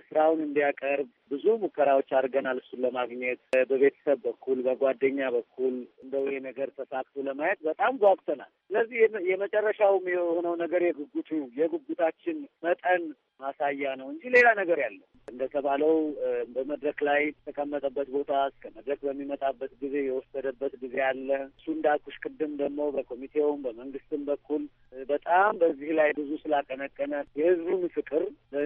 ስራውን እንዲያቀርብ ብዙ ሙከራዎች አድርገናል። እሱን ለማግኘት በቤተሰብ በኩል በጓደኛ በኩል እንደው ይሄ ነገር ተሳክቶ ለማየት በጣም ጓጉተናል። ስለዚህ የመጨረሻውም የሆነው ነገር የጉጉቱ የጉጉታችን መጠን ማሳያ ነው እንጂ ሌላ ነገር ያለው እንደተባለው በመድረክ ላይ የተቀመጠበት ቦታ እስከ መድረክ በሚመጣበት ጊዜ የወሰደበት ጊዜ አለ። እሱ እንዳልኩሽ ቅድም ደግሞ በኮሚቴውም በመንግስትም በኩል በጣም በዚህ ላይ ብዙ ስላቀነቀነ የህዝቡን ፍቅር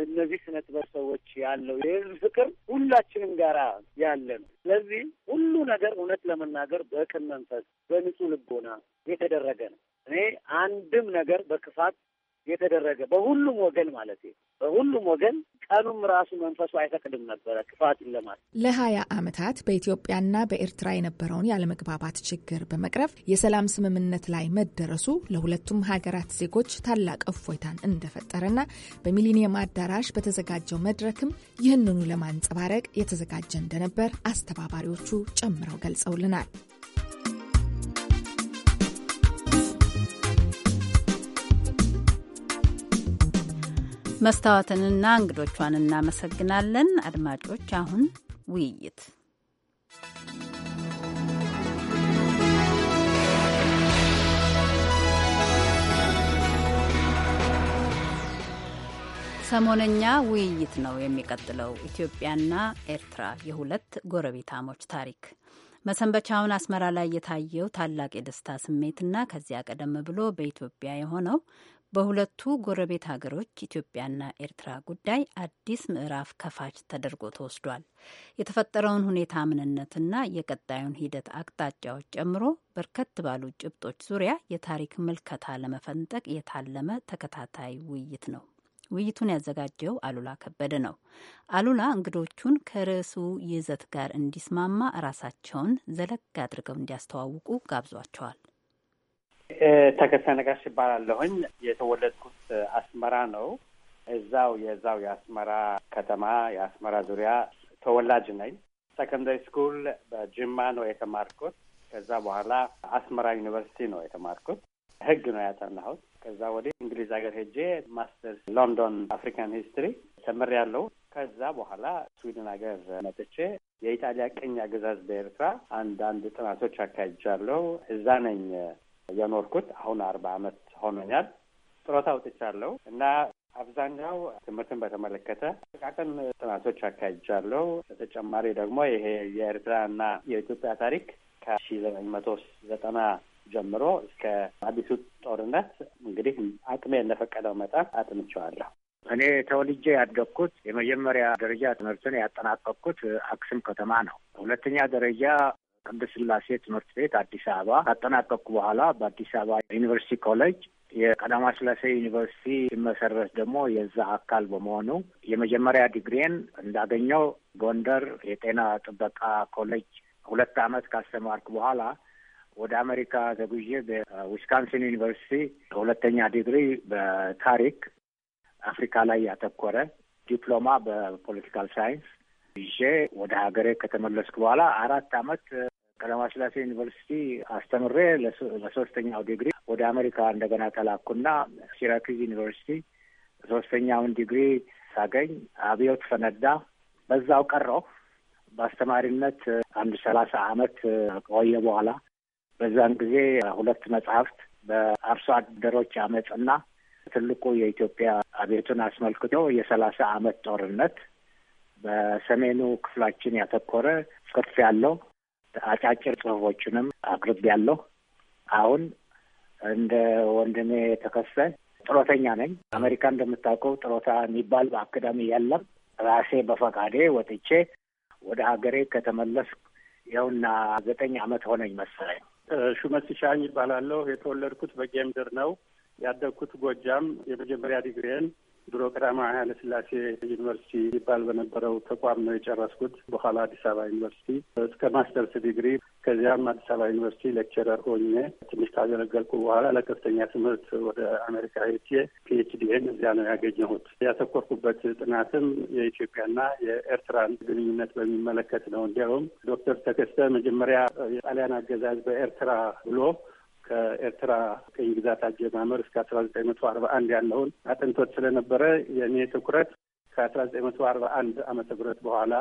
እነዚህ ስነ ጥበብ ሰው ሰዎች ያለው የህዝብ ፍቅር ሁላችንም ጋር ያለ ነው። ስለዚህ ሁሉ ነገር እውነት ለመናገር በቅን መንፈስ በንጹህ ልቦና የተደረገ ነው። እኔ አንድም ነገር በክፋት የተደረገ በሁሉም ወገን ማለት በሁሉም ወገን ቀኑም ራሱ መንፈሱ አይፈቅድም ነበረ ክፋትን ለማለት። ለሀያ ዓመታት በኢትዮጵያና በኤርትራ የነበረውን ያለመግባባት ችግር በመቅረፍ የሰላም ስምምነት ላይ መደረሱ ለሁለቱም ሀገራት ዜጎች ታላቅ እፎይታን እንደፈጠረና በሚሊኒየም አዳራሽ በተዘጋጀው መድረክም ይህንኑ ለማንጸባረቅ የተዘጋጀ እንደነበር አስተባባሪዎቹ ጨምረው ገልጸውልናል። መስታወትንና እንግዶቿን እናመሰግናለን። አድማጮች፣ አሁን ውይይት ሰሞነኛ ውይይት ነው የሚቀጥለው። ኢትዮጵያና ኤርትራ የሁለት ጎረቤታሞች ታሪክ መሰንበቻውን አስመራ ላይ የታየው ታላቅ የደስታ ስሜትና ከዚያ ቀደም ብሎ በኢትዮጵያ የሆነው በሁለቱ ጎረቤት ሀገሮች ኢትዮጵያና ኤርትራ ጉዳይ አዲስ ምዕራፍ ከፋች ተደርጎ ተወስዷል። የተፈጠረውን ሁኔታ ምንነትና የቀጣዩን ሂደት አቅጣጫዎች ጨምሮ በርከት ባሉ ጭብጦች ዙሪያ የታሪክ ምልከታ ለመፈንጠቅ የታለመ ተከታታይ ውይይት ነው። ውይይቱን ያዘጋጀው አሉላ ከበደ ነው። አሉላ እንግዶቹን ከርዕሱ ይዘት ጋር እንዲስማማ ራሳቸውን ዘለግ አድርገው እንዲያስተዋውቁ ጋብዟቸዋል። ተከስተ ነጋሽ ይባላለሁኝ። የተወለድኩት አስመራ ነው። እዛው የዛው የአስመራ ከተማ የአስመራ ዙሪያ ተወላጅ ነኝ። ሰከንደሪ ስኩል በጅማ ነው የተማርኩት። ከዛ በኋላ አስመራ ዩኒቨርሲቲ ነው የተማርኩት። ህግ ነው ያጠናሁት። ከዛ ወዲህ እንግሊዝ ሀገር ሄጄ ማስተርስ ሎንዶን አፍሪካን ሂስትሪ ተምሬያለሁ። ከዛ በኋላ ስዊድን ሀገር መጥቼ የኢጣሊያ ቅኝ አገዛዝ በኤርትራ አንዳንድ ጥናቶች አካሂጃለሁ። እዛ ነኝ የኖርኩት። አሁን አርባ አመት ሆኖኛል። ጥሮታ አውጥቻለሁ እና አብዛኛው ትምህርትን በተመለከተ ጥቃቅን ጥናቶች አካሂጃለሁ። በተጨማሪ ደግሞ ይሄ የኤርትራና የኢትዮጵያ ታሪክ ከሺ ዘጠኝ መቶ ዘጠና ጀምሮ እስከ አዲሱ ጦርነት እንግዲህ አቅሜ እንደፈቀደው መጠን አጥንቸዋለሁ። እኔ ተወልጄ ያደግኩት የመጀመሪያ ደረጃ ትምህርትን ያጠናቀቅኩት አክሱም ከተማ ነው። ሁለተኛ ደረጃ ቅድስት ትምህርት ቤት አዲስ አበባ ካጠናቀቅኩ በኋላ በአዲስ አበባ ዩኒቨርሲቲ ኮሌጅ የቀዳማ ስላሴ ዩኒቨርሲቲ ሲመሰረት ደግሞ የዛ አካል በመሆኑ የመጀመሪያ ዲግሪን እንዳገኘው ጎንደር የጤና ጥበቃ ኮሌጅ ሁለት ዓመት ካስተማርኩ በኋላ ወደ አሜሪካ ተጉዤ በዊስካንሲን ዩኒቨርሲቲ ሁለተኛ ዲግሪ በታሪክ አፍሪካ ላይ ያተኮረ ዲፕሎማ በፖለቲካል ሳይንስ ይዤ ወደ ሀገሬ ከተመለስኩ በኋላ አራት ዓመት ቀለማስላሴ ዩኒቨርሲቲ አስተምሬ ለሶስተኛው ዲግሪ ወደ አሜሪካ እንደገና ተላኩና ሲራኪዝ ዩኒቨርሲቲ ሶስተኛውን ዲግሪ ሳገኝ አብዮት ፈነዳ። በዛው ቀረው። በአስተማሪነት አንድ ሰላሳ አመት ቆየ። በኋላ በዛን ጊዜ ሁለት መጽሐፍት በአርሶ አደሮች አመፅና ትልቁ የኢትዮጵያ አብዮትን አስመልክቶ የሰላሳ አመት ጦርነት በሰሜኑ ክፍላችን ያተኮረ ጽፍ ያለው አጫጭር ጽሁፎችንም ያለሁ አሁን እንደ ወንድሜ ተከሰ ጥሮተኛ ነኝ። አሜሪካ እንደምታውቀው ጥሮታ የሚባል በአካዳሚ የለም። ራሴ በፈቃዴ ወጥቼ ወደ ሀገሬ ከተመለስ ይኸውና ዘጠኝ አመት ሆነኝ መሰለኝ። ሹመት ሻኝ ይባላለሁ። የተወለድኩት በጌምድር ነው። ያደግኩት ጎጃም። የመጀመሪያ ዲግሪን ድሮ ቀዳማዊ ኃይለ ሥላሴ ዩኒቨርሲቲ ይባል በነበረው ተቋም ነው የጨረስኩት። በኋላ አዲስ አበባ ዩኒቨርሲቲ እስከ ማስተርስ ዲግሪ፣ ከዚያም አዲስ አበባ ዩኒቨርሲቲ ሌክቸረር ሆኜ ትንሽ ካገለገልኩ በኋላ ለከፍተኛ ትምህርት ወደ አሜሪካ ሄጄ ፒኤችዲኤን እዚያ ነው ያገኘሁት። ያተኮርኩበት ጥናትም የኢትዮጵያና የኤርትራን ግንኙነት በሚመለከት ነው። እንዲያውም ዶክተር ተከስተ መጀመሪያ የጣሊያን አገዛዝ በኤርትራ ብሎ ከኤርትራ ቀይ ግዛት አጀማመር እስከ አስራ ዘጠኝ መቶ አርባ አንድ ያለውን አጥንቶት ስለነበረ የእኔ ትኩረት ከአስራ ዘጠኝ መቶ አርባ አንድ አመተ ምህረት በኋላ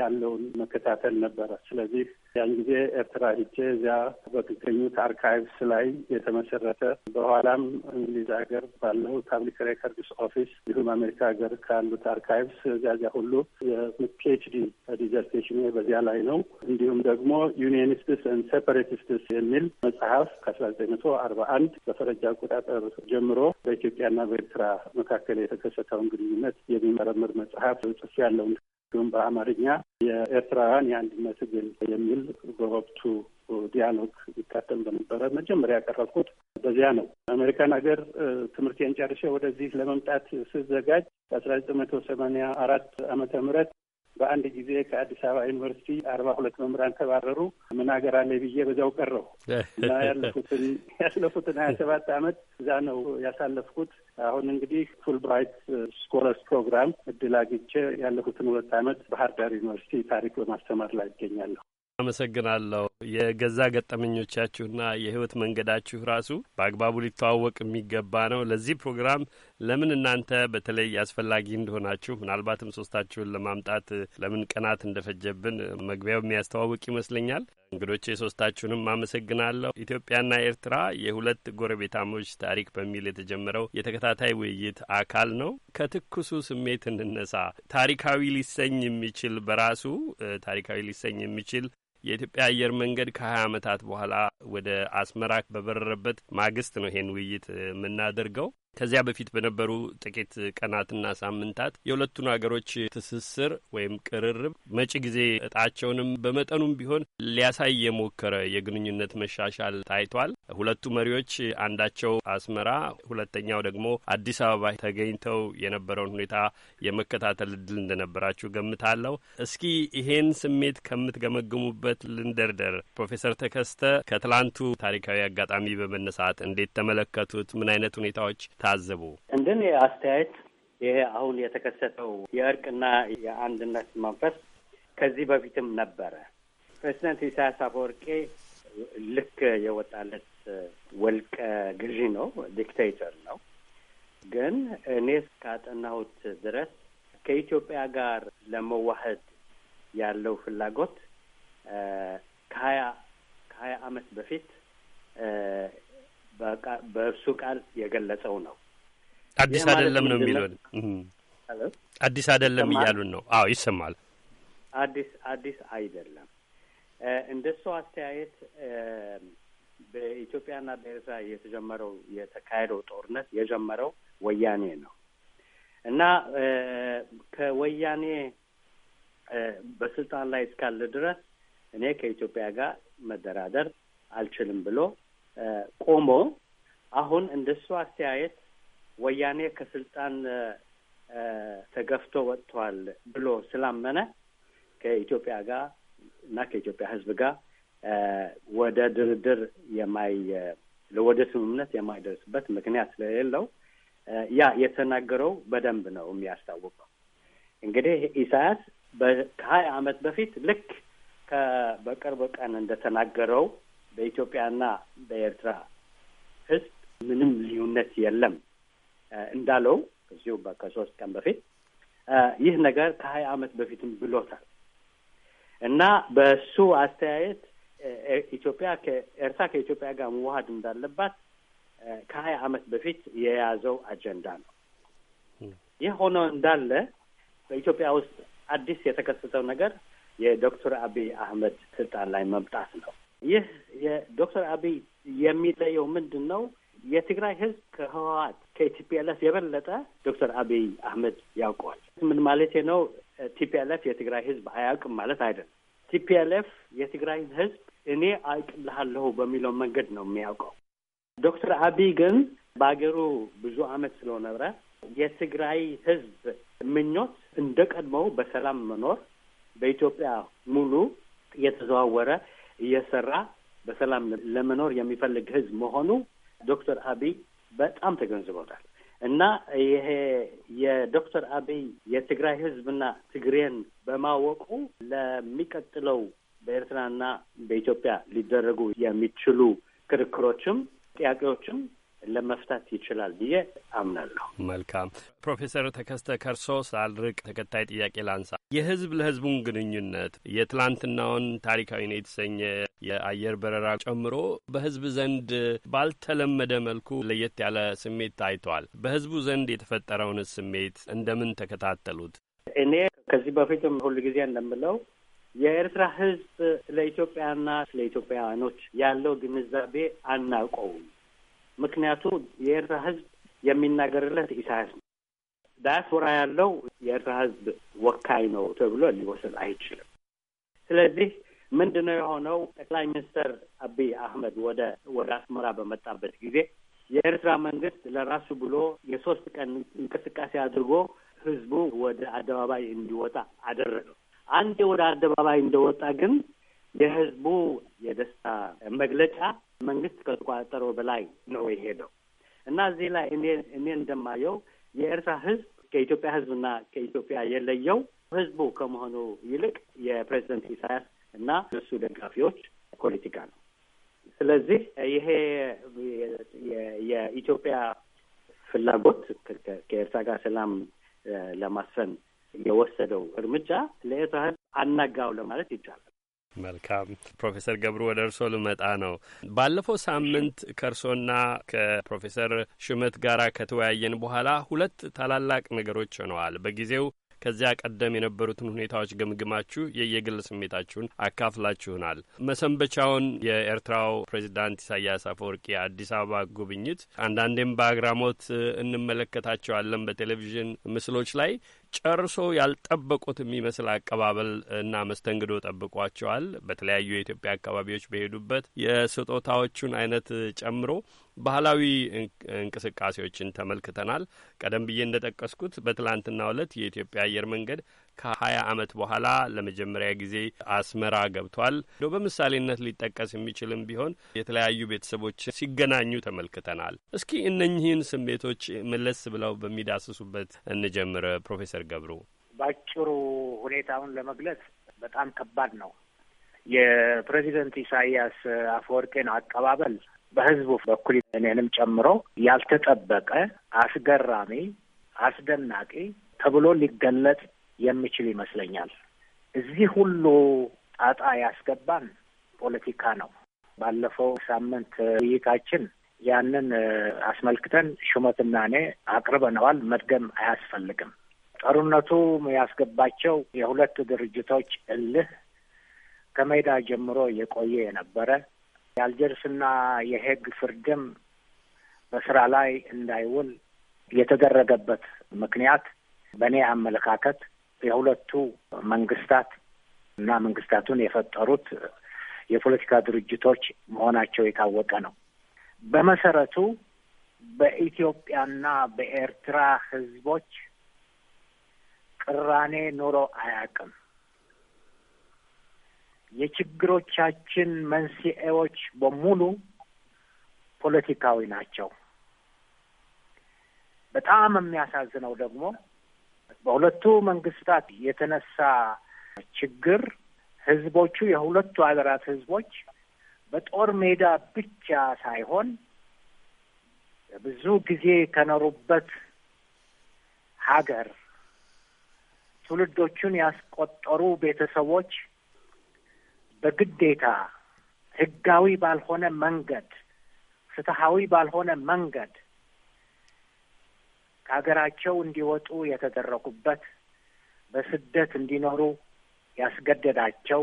ያለውን መከታተል ነበረ። ስለዚህ ያን ጊዜ ኤርትራ ሂጄ እዚያ በሚገኙት አርካይቭስ ላይ የተመሰረተ በኋላም እንግሊዝ ሀገር ባለው ፓብሊክ ሬከርድስ ኦፊስ እንዲሁም አሜሪካ ሀገር ካሉት አርካይቭስ እዚያ እዚያ ሁሉ የፒኤችዲ ዲዘርቴሽን በዚያ ላይ ነው። እንዲሁም ደግሞ ዩኒየኒስትስ ን ሴፐሬቲስትስ የሚል መጽሐፍ ከአስራ ዘጠኝ መቶ አርባ አንድ በፈረጃ አቆጣጠር ጀምሮ በኢትዮጵያና በኤርትራ መካከል የተከሰተውን ግንኙነት የሚመረምር መጽሐፍ ጽፌያለሁ። እንዲሁም በአማርኛ የኤርትራውያን የአንድነት ግን የሚል በወቅቱ ዲያሎግ ይታተም በነበረ መጀመሪያ ያቀረብኩት በዚያ ነው። አሜሪካን ሀገር ትምህርቴን ጨርሼ ወደዚህ ለመምጣት ስዘጋጅ በአስራ ዘጠኝ መቶ ሰማኒያ አራት አመተ ምህረት በአንድ ጊዜ ከአዲስ አበባ ዩኒቨርሲቲ አርባ ሁለት መምህራን ተባረሩ። ምን ሀገር አለ ብዬ በዛው ቀረሁ እና ያለፉትን ያለፉትን ሀያ ሰባት ዓመት እዛ ነው ያሳለፍኩት። አሁን እንግዲህ ፉልብራይት ስኮለርስ ፕሮግራም እድል አግኝቼ ያለፉትን ሁለት ዓመት ባህር ዳር ዩኒቨርሲቲ ታሪክ በማስተማር ላይ ይገኛለሁ። አመሰግናለሁ። የገዛ ገጠመኞቻችሁና የህይወት መንገዳችሁ ራሱ በአግባቡ ሊተዋወቅ የሚገባ ነው። ለዚህ ፕሮግራም ለምን እናንተ በተለይ አስፈላጊ እንደሆናችሁ ምናልባትም ሶስታችሁን ለማምጣት ለምን ቀናት እንደፈጀብን መግቢያው የሚያስተዋውቅ ይመስለኛል። እንግዶች የሶስታችሁንም አመሰግናለሁ። ኢትዮጵያና ኤርትራ የሁለት ጎረቤታሞች ታሪክ በሚል የተጀመረው የተከታታይ ውይይት አካል ነው። ከትኩሱ ስሜት እንነሳ። ታሪካዊ ሊሰኝ የሚችል በራሱ ታሪካዊ ሊሰኝ የሚችል የኢትዮጵያ አየር መንገድ ከሀያ ዓመታት በኋላ ወደ አስመራ በበረረበት ማግስት ነው ይሄን ውይይት የምናደርገው። ከዚያ በፊት በነበሩ ጥቂት ቀናትና ሳምንታት የሁለቱን ሀገሮች ትስስር ወይም ቅርርብ መጪ ጊዜ እጣቸውንም በመጠኑም ቢሆን ሊያሳይ የሞከረ የግንኙነት መሻሻል ታይቷል። ሁለቱ መሪዎች አንዳቸው አስመራ፣ ሁለተኛው ደግሞ አዲስ አበባ ተገኝተው የነበረውን ሁኔታ የመከታተል እድል እንደነበራችሁ ገምታለሁ። እስኪ ይሄን ስሜት ከምትገመግሙበት ልንደርደር። ፕሮፌሰር ተከስተ ከትላንቱ ታሪካዊ አጋጣሚ በመነሳት እንዴት ተመለከቱት? ምን አይነት ሁኔታዎች ታዘቡ? እንደኔ አስተያየት ይሄ አሁን የተከሰተው የእርቅና የአንድነት መንፈስ ከዚህ በፊትም ነበረ። ፕሬዚደንት ኢሳያስ አፈወርቄ ልክ የወጣለት ወልቀ ግዢ ነው፣ ዲክቴተር ነው። ግን እኔ እስካጠናሁት ድረስ ከኢትዮጵያ ጋር ለመዋሀድ ያለው ፍላጎት ከሀያ ከሀያ አመት በፊት በእርሱ ቃል የገለጸው ነው። አዲስ አይደለም ነው የሚሉን። አዲስ አይደለም እያሉን ነው። አዎ ይሰማል። አዲስ አዲስ አይደለም። እንደ እሱ አስተያየት በኢትዮጵያና በኤርትራ የተጀመረው የተካሄደው ጦርነት የጀመረው ወያኔ ነው እና ከወያኔ በስልጣን ላይ እስካለ ድረስ እኔ ከኢትዮጵያ ጋር መደራደር አልችልም ብሎ ቆሞ አሁን እንደሱ አስተያየት ወያኔ ከስልጣን ተገፍቶ ወጥቷል ብሎ ስላመነ ከኢትዮጵያ ጋር እና ከኢትዮጵያ ሕዝብ ጋር ወደ ድርድር የማይ ወደ ስምምነት የማይደርስበት ምክንያት ስለሌለው ያ የተናገረው በደንብ ነው የሚያስታውቀው። እንግዲህ ኢሳያስ ከሀያ ዓመት በፊት ልክ በቅርብ ቀን እንደተናገረው በኢትዮጵያና በኤርትራ ህዝብ ምንም ልዩነት የለም እንዳለው እዚሁ ከሶስት ቀን በፊት ይህ ነገር ከሀያ ዓመት በፊትም ብሎታል እና በሱ አስተያየት ኢትዮጵያ ኤርትራ ከኢትዮጵያ ጋር መዋሀድ እንዳለባት ከሀያ ዓመት በፊት የያዘው አጀንዳ ነው። ይህ ሆኖ እንዳለ በኢትዮጵያ ውስጥ አዲስ የተከሰተው ነገር የዶክተር አብይ አህመድ ስልጣን ላይ መምጣት ነው። ይህ የዶክተር አብይ የሚለየው ምንድን ነው? የትግራይ ህዝብ ከህወሓት ከቲፒኤልኤፍ የበለጠ ዶክተር አብይ አህመድ ያውቀዋል። ምን ማለት ነው? ቲፒኤልኤፍ የትግራይ ህዝብ አያውቅም ማለት አይደለም። ቲፒኤልኤፍ የትግራይ ህዝብ እኔ አውቅልሃለሁ በሚለው መንገድ ነው የሚያውቀው። ዶክተር አብይ ግን በሀገሩ ብዙ አመት ስለነበረ የትግራይ ህዝብ ምኞት እንደ ቀድሞው በሰላም መኖር፣ በኢትዮጵያ ሙሉ እየተዘዋወረ እየሰራ በሰላም ለመኖር የሚፈልግ ህዝብ መሆኑ ዶክተር አብይ በጣም ተገንዝበውታል። እና ይሄ የዶክተር አብይ የትግራይ ህዝብና ትግሬን በማወቁ ለሚቀጥለው በኤርትራና በኢትዮጵያ ሊደረጉ የሚችሉ ክርክሮችም ጥያቄዎችም ለመፍታት ይችላል ብዬ አምናለሁ። መልካም ፕሮፌሰር ተከስተ ከርሶ ሳልርቅ ተከታይ ጥያቄ ላንሳ። የህዝብ ለህዝቡን ግንኙነት የትላንትናውን ታሪካዊ ነው የተሰኘ የአየር በረራ ጨምሮ በህዝብ ዘንድ ባልተለመደ መልኩ ለየት ያለ ስሜት ታይቷል። በህዝቡ ዘንድ የተፈጠረውን ስሜት እንደምን ተከታተሉት? እኔ ከዚህ በፊትም ሁል ጊዜ እንደምለው የኤርትራ ህዝብ ስለ ኢትዮጵያና ስለ ኢትዮጵያውያኖች ያለው ግንዛቤ አናውቀውም። ምክንያቱ የኤርትራ ህዝብ የሚናገርለት ኢሳያስ ነው። ዳያስፖራ ያለው የኤርትራ ህዝብ ወካይ ነው ተብሎ ሊወሰድ አይችልም። ስለዚህ ምንድን ነው የሆነው? ጠቅላይ ሚኒስትር አብይ አህመድ ወደ ወደ አስመራ በመጣበት ጊዜ የኤርትራ መንግስት ለራሱ ብሎ የሶስት ቀን እንቅስቃሴ አድርጎ ህዝቡ ወደ አደባባይ እንዲወጣ አደረገው። አንዴ ወደ አደባባይ እንደወጣ ግን የህዝቡ የደስታ መግለጫ መንግስት ከተቋጠሮ በላይ ነው የሄደው እና እዚህ ላይ እኔ እኔ እንደማየው የኤርትራ ህዝብ ከኢትዮጵያ ህዝብና ከኢትዮጵያ የለየው ህዝቡ ከመሆኑ ይልቅ የፕሬዚደንት ኢሳያስ እና እሱ ደጋፊዎች ፖለቲካ ነው። ስለዚህ ይሄ የኢትዮጵያ ፍላጎት ከኤርትራ ጋር ሰላም ለማስፈን የወሰደው እርምጃ ለኤርትራ ህዝብ አናጋው ለማለት ይቻላል። መልካም ፕሮፌሰር ገብሩ ወደ እርስዎ ልመጣ ነው። ባለፈው ሳምንት ከእርሶና ከፕሮፌሰር ሹመት ጋር ከተወያየን በኋላ ሁለት ታላላቅ ነገሮች ሆነዋል። በጊዜው ከዚያ ቀደም የነበሩትን ሁኔታዎች ገምግማችሁ የየግል ስሜታችሁን አካፍላችሁናል። መሰንበቻውን የኤርትራው ፕሬዚዳንት ኢሳያስ አፈወርቂ የአዲስ አበባ ጉብኝት አንዳንዴም በአግራሞት እንመለከታቸዋለን በቴሌቪዥን ምስሎች ላይ ጨርሶ ያልጠበቁት የሚመስል አቀባበል እና መስተንግዶ ጠብቋቸዋል። በተለያዩ የኢትዮጵያ አካባቢዎች በሄዱበት የስጦታዎቹን አይነት ጨምሮ ባህላዊ እንቅስቃሴዎችን ተመልክተናል። ቀደም ብዬ እንደጠቀስኩት በትላንትና ዕለት የኢትዮጵያ አየር መንገድ ከሀያ ዓመት በኋላ ለመጀመሪያ ጊዜ አስመራ ገብቷል። እንደ በምሳሌነት ሊጠቀስ የሚችልም ቢሆን የተለያዩ ቤተሰቦች ሲገናኙ ተመልክተናል። እስኪ እነኚህን ስሜቶች መለስ ብለው በሚዳስሱበት እንጀምር። ፕሮፌሰር ገብሩ ባጭሩ ሁኔታውን ለመግለጽ በጣም ከባድ ነው። የፕሬዚደንት ኢሳያስ አፈወርቄን አቀባበል በህዝቡ በኩል እኔንም ጨምሮ ያልተጠበቀ አስገራሚ፣ አስደናቂ ተብሎ ሊገለጽ የምችል ይመስለኛል። እዚህ ሁሉ ጣጣ ያስገባን ፖለቲካ ነው። ባለፈው ሳምንት ውይይታችን ያንን አስመልክተን ሹመትና እኔ አቅርበነዋል። መድገም አያስፈልግም። ጦርነቱ ያስገባቸው የሁለት ድርጅቶች እልህ ከሜዳ ጀምሮ የቆየ የነበረ የአልጀርስና የሄግ ፍርድም በስራ ላይ እንዳይውል የተደረገበት ምክንያት በእኔ አመለካከት የሁለቱ መንግስታት እና መንግስታቱን የፈጠሩት የፖለቲካ ድርጅቶች መሆናቸው የታወቀ ነው። በመሰረቱ በኢትዮጵያና በኤርትራ ህዝቦች ቅራኔ ኑሮ አያውቅም። የችግሮቻችን መንስኤዎች በሙሉ ፖለቲካዊ ናቸው። በጣም የሚያሳዝነው ደግሞ በሁለቱ መንግስታት የተነሳ ችግር ህዝቦቹ የሁለቱ ሀገራት ህዝቦች በጦር ሜዳ ብቻ ሳይሆን ብዙ ጊዜ ከኖሩበት ሀገር ትውልዶቹን ያስቆጠሩ ቤተሰቦች በግዴታ ህጋዊ ባልሆነ መንገድ፣ ፍትሐዊ ባልሆነ መንገድ ከሀገራቸው እንዲወጡ የተደረጉበት በስደት እንዲኖሩ ያስገደዳቸው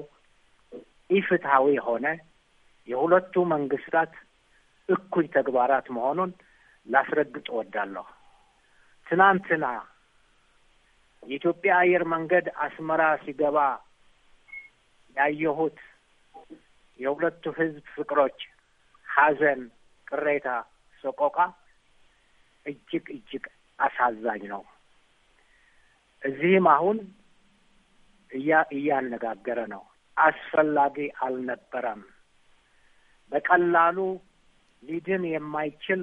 ኢፍትሐዊ የሆነ የሁለቱ መንግስታት እኩይ ተግባራት መሆኑን ላስረግጥ እወዳለሁ። ትናንትና የኢትዮጵያ አየር መንገድ አስመራ ሲገባ ያየሁት የሁለቱ ህዝብ ፍቅሮች፣ ሐዘን፣ ቅሬታ፣ ሰቆቃ እጅግ እጅግ አሳዛኝ ነው። እዚህም አሁን እያ እያነጋገረ ነው። አስፈላጊ አልነበረም። በቀላሉ ሊድን የማይችል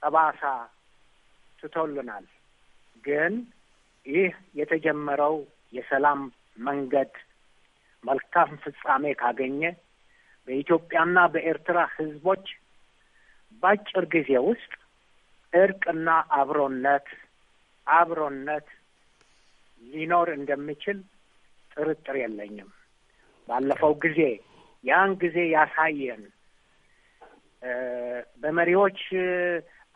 ጠባሳ ትቶልናል። ግን ይህ የተጀመረው የሰላም መንገድ መልካም ፍጻሜ ካገኘ በኢትዮጵያና በኤርትራ ሕዝቦች በአጭር ጊዜ ውስጥ እርቅና አብሮነት አብሮነት ሊኖር እንደሚችል ጥርጥር የለኝም። ባለፈው ጊዜ ያን ጊዜ ያሳየን በመሪዎች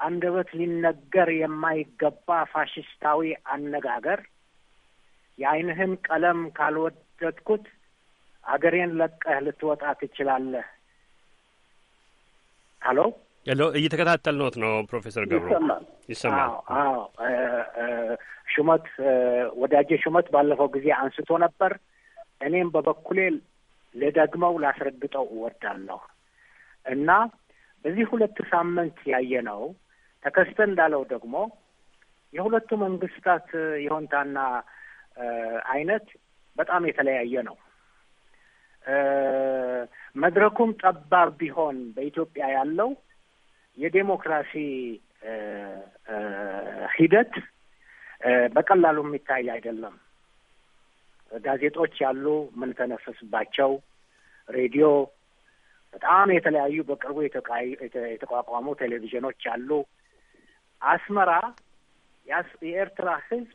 አንደበት ሊነገር የማይገባ ፋሽስታዊ አነጋገር የዓይንህን ቀለም ካልወደድኩት አገሬን ለቀህ ልትወጣ ትችላለህ አለው። ያለው እየተከታተልነዎት ነው ፕሮፌሰር ገብሩ ይሰማል። ሹመት ወዳጄ ሹመት ባለፈው ጊዜ አንስቶ ነበር። እኔም በበኩሌ ልደግመው ላስረግጠው እወዳለሁ እና በዚህ ሁለት ሳምንት ያየነው ተከስተ እንዳለው ደግሞ የሁለቱ መንግስታት የሆንታና አይነት በጣም የተለያየ ነው። መድረኩም ጠባብ ቢሆን በኢትዮጵያ ያለው የዴሞክራሲ ሂደት በቀላሉ የሚታይ አይደለም። ጋዜጦች ያሉ የምንተነፍስባቸው፣ ሬዲዮ፣ በጣም የተለያዩ በቅርቡ የተቋቋሙ ቴሌቪዥኖች አሉ። አስመራ የኤርትራ ሕዝብ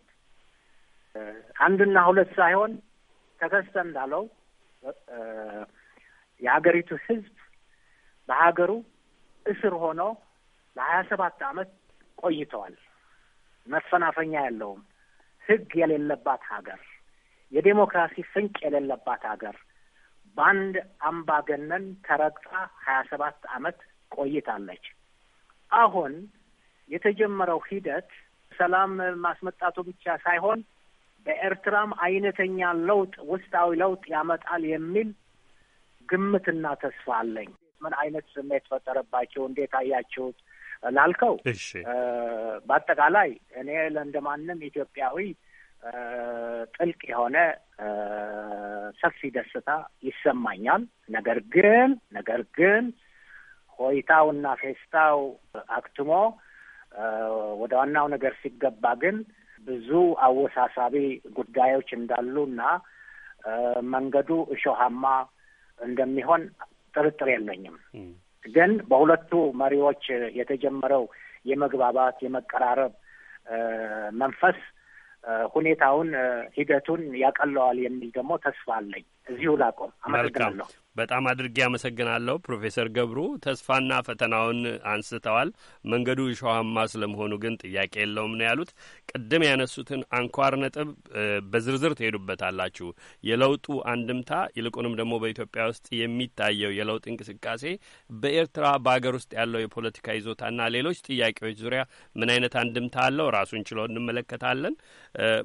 አንድና ሁለት ሳይሆን ተከስተ እንዳለው የሀገሪቱ ሕዝብ በሀገሩ እስር ሆነው ለሀያ ሰባት አመት ቆይተዋል። መፈናፈኛ ያለውም ህግ የሌለባት ሀገር፣ የዴሞክራሲ ፍንጭ የሌለባት ሀገር በአንድ አምባገነን ተረግጣ ሀያ ሰባት አመት ቆይታለች። አሁን የተጀመረው ሂደት ሰላም ማስመጣቱ ብቻ ሳይሆን በኤርትራም አይነተኛ ለውጥ ውስጣዊ ለውጥ ያመጣል የሚል ግምትና ተስፋ አለኝ። ምን አይነት ስሜት ፈጠረባቸው? እንዴት አያችሁት ላልከው፣ በአጠቃላይ እኔ ለእንደማንም ኢትዮጵያዊ ጥልቅ የሆነ ሰፊ ደስታ ይሰማኛል። ነገር ግን ነገር ግን ሆይታውና ፌስታው አክትሞ ወደ ዋናው ነገር ሲገባ ግን ብዙ አወሳሳቢ ጉዳዮች እንዳሉና መንገዱ እሾሃማ እንደሚሆን ጥርጥር የለኝም። ግን በሁለቱ መሪዎች የተጀመረው የመግባባት የመቀራረብ መንፈስ ሁኔታውን ሂደቱን ያቀለዋል የሚል ደግሞ ተስፋ አለኝ። እዚሁ ላቆም። አመሰግናለሁ። በጣም አድርጌ አመሰግናለሁ ፕሮፌሰር ገብሩ ተስፋና ፈተናውን አንስተዋል። መንገዱ እሾሃማ ስለመሆኑ ግን ጥያቄ የለውም ነው ያሉት። ቅድም ያነሱትን አንኳር ነጥብ በዝርዝር ትሄዱበታላችሁ። የለውጡ አንድምታ ይልቁንም ደግሞ በኢትዮጵያ ውስጥ የሚታየው የለውጥ እንቅስቃሴ በኤርትራ በሀገር ውስጥ ያለው የፖለቲካ ይዞታና ሌሎች ጥያቄዎች ዙሪያ ምን አይነት አንድምታ አለው ራሱን ችሎ እንመለከታለን።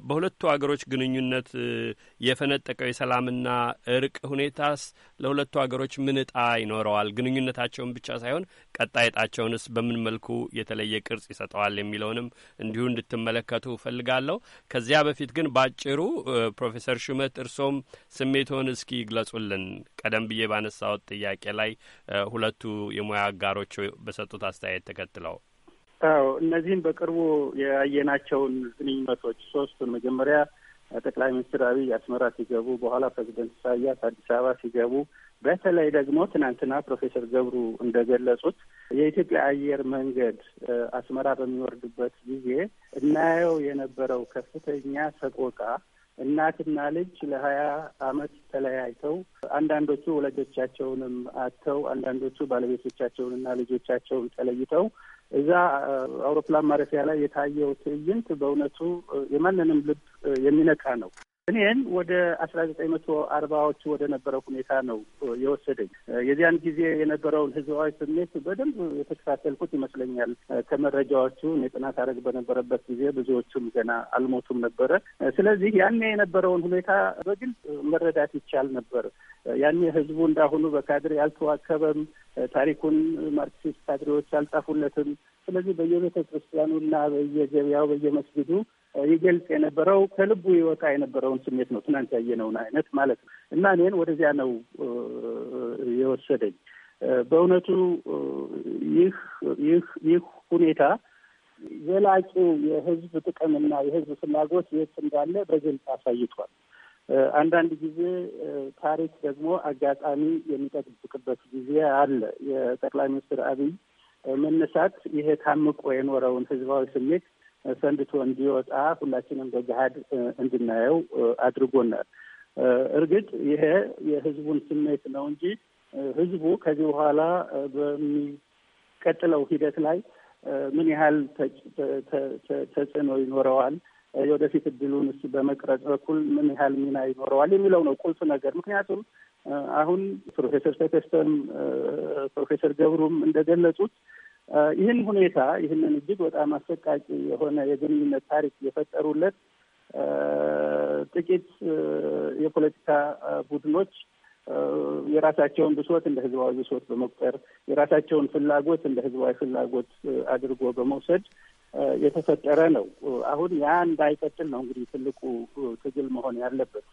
በሁለቱ ሀገሮች ግንኙነት የፈነጠቀው የሰላምና እርቅ ሁኔታስ ለሁለ ሁለቱ ሀገሮች ምን እጣ ይኖረዋል? ግንኙነታቸውን ብቻ ሳይሆን ቀጣይ እጣቸውንስ በምን መልኩ የተለየ ቅርጽ ይሰጠዋል የሚለውንም እንዲሁ እንድትመለከቱ እፈልጋለሁ። ከዚያ በፊት ግን ባጭሩ ፕሮፌሰር ሹመት እርሶም ስሜቶን እስኪ ይግለጹልን። ቀደም ብዬ ባነሳሁት ጥያቄ ላይ ሁለቱ የሙያ አጋሮች በሰጡት አስተያየት ተከትለው አዎ እነዚህን በቅርቡ ያየናቸውን ግንኙነቶች ሶስቱን መጀመሪያ ጠቅላይ ሚኒስትር አብይ አስመራ ሲገቡ፣ በኋላ ፕሬዚደንት ኢሳያስ አዲስ አበባ ሲገቡ፣ በተለይ ደግሞ ትናንትና ፕሮፌሰር ገብሩ እንደገለጹት የኢትዮጵያ አየር መንገድ አስመራ በሚወርድበት ጊዜ እናየው የነበረው ከፍተኛ ሰቆቃ እናትና ልጅ ለሀያ አመት ተለያይተው አንዳንዶቹ ወላጆቻቸውንም አጥተው አንዳንዶቹ ባለቤቶቻቸውንና ልጆቻቸውን ተለይተው እዛ አውሮፕላን ማረፊያ ላይ የታየው ትዕይንት በእውነቱ የማንንም ልብ የሚነካ ነው። እኔን ወደ አስራ ዘጠኝ መቶ አርባዎቹ ወደ ነበረው ሁኔታ ነው የወሰደኝ። የዚያን ጊዜ የነበረውን ህዝባዊ ስሜት በደንብ የተከታተልኩት ይመስለኛል። ከመረጃዎቹ እኔ ጥናት አደረግ በነበረበት ጊዜ ብዙዎቹም ገና አልሞቱም ነበረ። ስለዚህ ያኔ የነበረውን ሁኔታ በግልጽ መረዳት ይቻል ነበር። ያኔ ህዝቡ እንዳሁኑ በካድሬ አልተዋከበም። ታሪኩን ማርክሲስት ካድሬዎች አልጻፉለትም። ስለዚህ በየቤተ ክርስቲያኑና በየገበያው በየመስጊዱ ይገልጽ የነበረው ከልቡ ይወጣ የነበረውን ስሜት ነው። ትናንት ያየነውን አይነት ማለት ነው እና እኔን ወደዚያ ነው የወሰደኝ። በእውነቱ ይህ ይህ ሁኔታ ዘላቂው የህዝብ ጥቅምና የህዝብ ፍላጎት የት እንዳለ በግልጽ አሳይቷል። አንዳንድ ጊዜ ታሪክ ደግሞ አጋጣሚ የሚጠብቅበት ጊዜ አለ። የጠቅላይ ሚኒስትር አብይ መነሳት ይሄ ታምቆ የኖረውን ህዝባዊ ስሜት ሰንድቶ እንዲወጣ ሁላችንም በገሀድ እንድናየው አድርጎናል። እርግጥ ይሄ የህዝቡን ስሜት ነው እንጂ ህዝቡ ከዚህ በኋላ በሚቀጥለው ሂደት ላይ ምን ያህል ተጽዕኖ ይኖረዋል፣ የወደፊት እድሉን በመቅረጽ በኩል ምን ያህል ሚና ይኖረዋል የሚለው ነው ቁልፍ ነገር። ምክንያቱም አሁን ፕሮፌሰር ተከስተም ፕሮፌሰር ገብሩም እንደገለጹት ይህን ሁኔታ ይህንን እጅግ በጣም አሰቃቂ የሆነ የግንኙነት ታሪክ የፈጠሩለት ጥቂት የፖለቲካ ቡድኖች የራሳቸውን ብሶት እንደ ህዝባዊ ብሶት በመቁጠር የራሳቸውን ፍላጎት እንደ ህዝባዊ ፍላጎት አድርጎ በመውሰድ የተፈጠረ ነው። አሁን ያ እንዳይቀጥል ነው እንግዲህ ትልቁ ትግል መሆን ያለበት።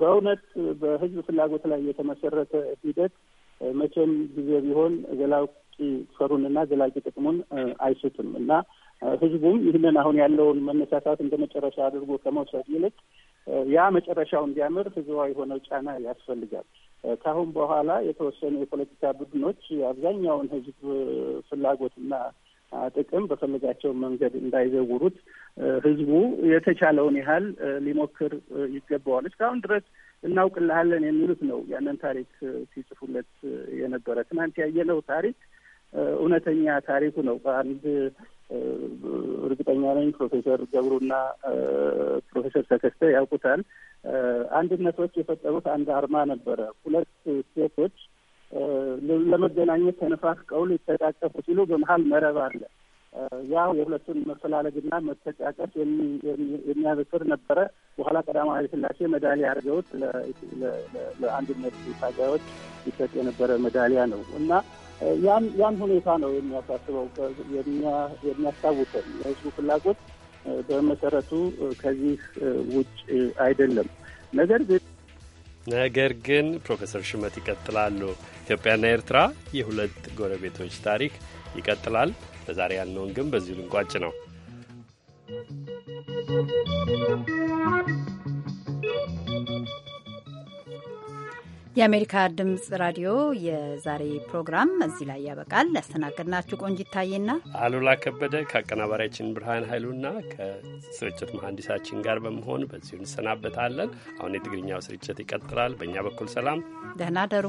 በእውነት በህዝብ ፍላጎት ላይ የተመሰረተ ሂደት መቼም ጊዜ ቢሆን ዘላቂ ፈሩንና ዘላቂ ጥቅሙን አይሱትም እና ህዝቡም ይህንን አሁን ያለውን መነሳሳት እንደ መጨረሻ አድርጎ ከመውሰድ ይልቅ ያ መጨረሻው እንዲያምር ህዝባዊ የሆነው ጫና ያስፈልጋል። ከአሁን በኋላ የተወሰኑ የፖለቲካ ቡድኖች አብዛኛውን ህዝብ ፍላጎትና ጥቅም በፈለጋቸው መንገድ እንዳይዘውሩት ህዝቡ የተቻለውን ያህል ሊሞክር ይገባዋል። እስካሁን ድረስ እናውቅልሃለን የሚሉት ነው። ያንን ታሪክ ሲጽፉለት የነበረ ትናንት ያየነው ታሪክ እውነተኛ ታሪኩ ነው። በአንድ እርግጠኛ ነኝ ፕሮፌሰር ገብሩና ፕሮፌሰር ሰከስተ ያውቁታል። አንድነቶች የፈጠሩት አንድ አርማ ነበረ። ሁለት ሴቶች ለመገናኘት ተነፋፍቀው ሊተቃቀፉ ሲሉ በመሀል መረብ አለ። ያው የሁለቱን መፈላለግና መተጫጨት የሚያበስር ነበረ። በኋላ ቀዳማዊ ኃይለ ሥላሴ ሜዳሊያ አድርገውት ለአንድነት ታጋዮች ይሰጥ የነበረ ሜዳሊያ ነው እና ያን ያን ሁኔታ ነው የሚያሳስበው የሚያስታውሰን። የህዝቡ ፍላጎት በመሰረቱ ከዚህ ውጭ አይደለም። ነገር ግን ነገር ግን ፕሮፌሰር ሽመት ይቀጥላሉ። ኢትዮጵያና ኤርትራ የሁለት ጎረቤቶች ታሪክ ይቀጥላል። ለዛሬ ያልነውን ግን በዚሁ ልንቋጭ ነው። የአሜሪካ ድምፅ ራዲዮ የዛሬ ፕሮግራም እዚህ ላይ ያበቃል። ያስተናገድናችሁ ቆንጅ ይታየና አሉላ ከበደ ከአቀናባሪያችን ብርሃን ኃይሉና ከስርጭት መሐንዲሳችን ጋር በመሆን በዚሁ እንሰናበታለን። አሁን የትግርኛው ስርጭት ይቀጥላል። በእኛ በኩል ሰላም፣ ደህና ደሩ።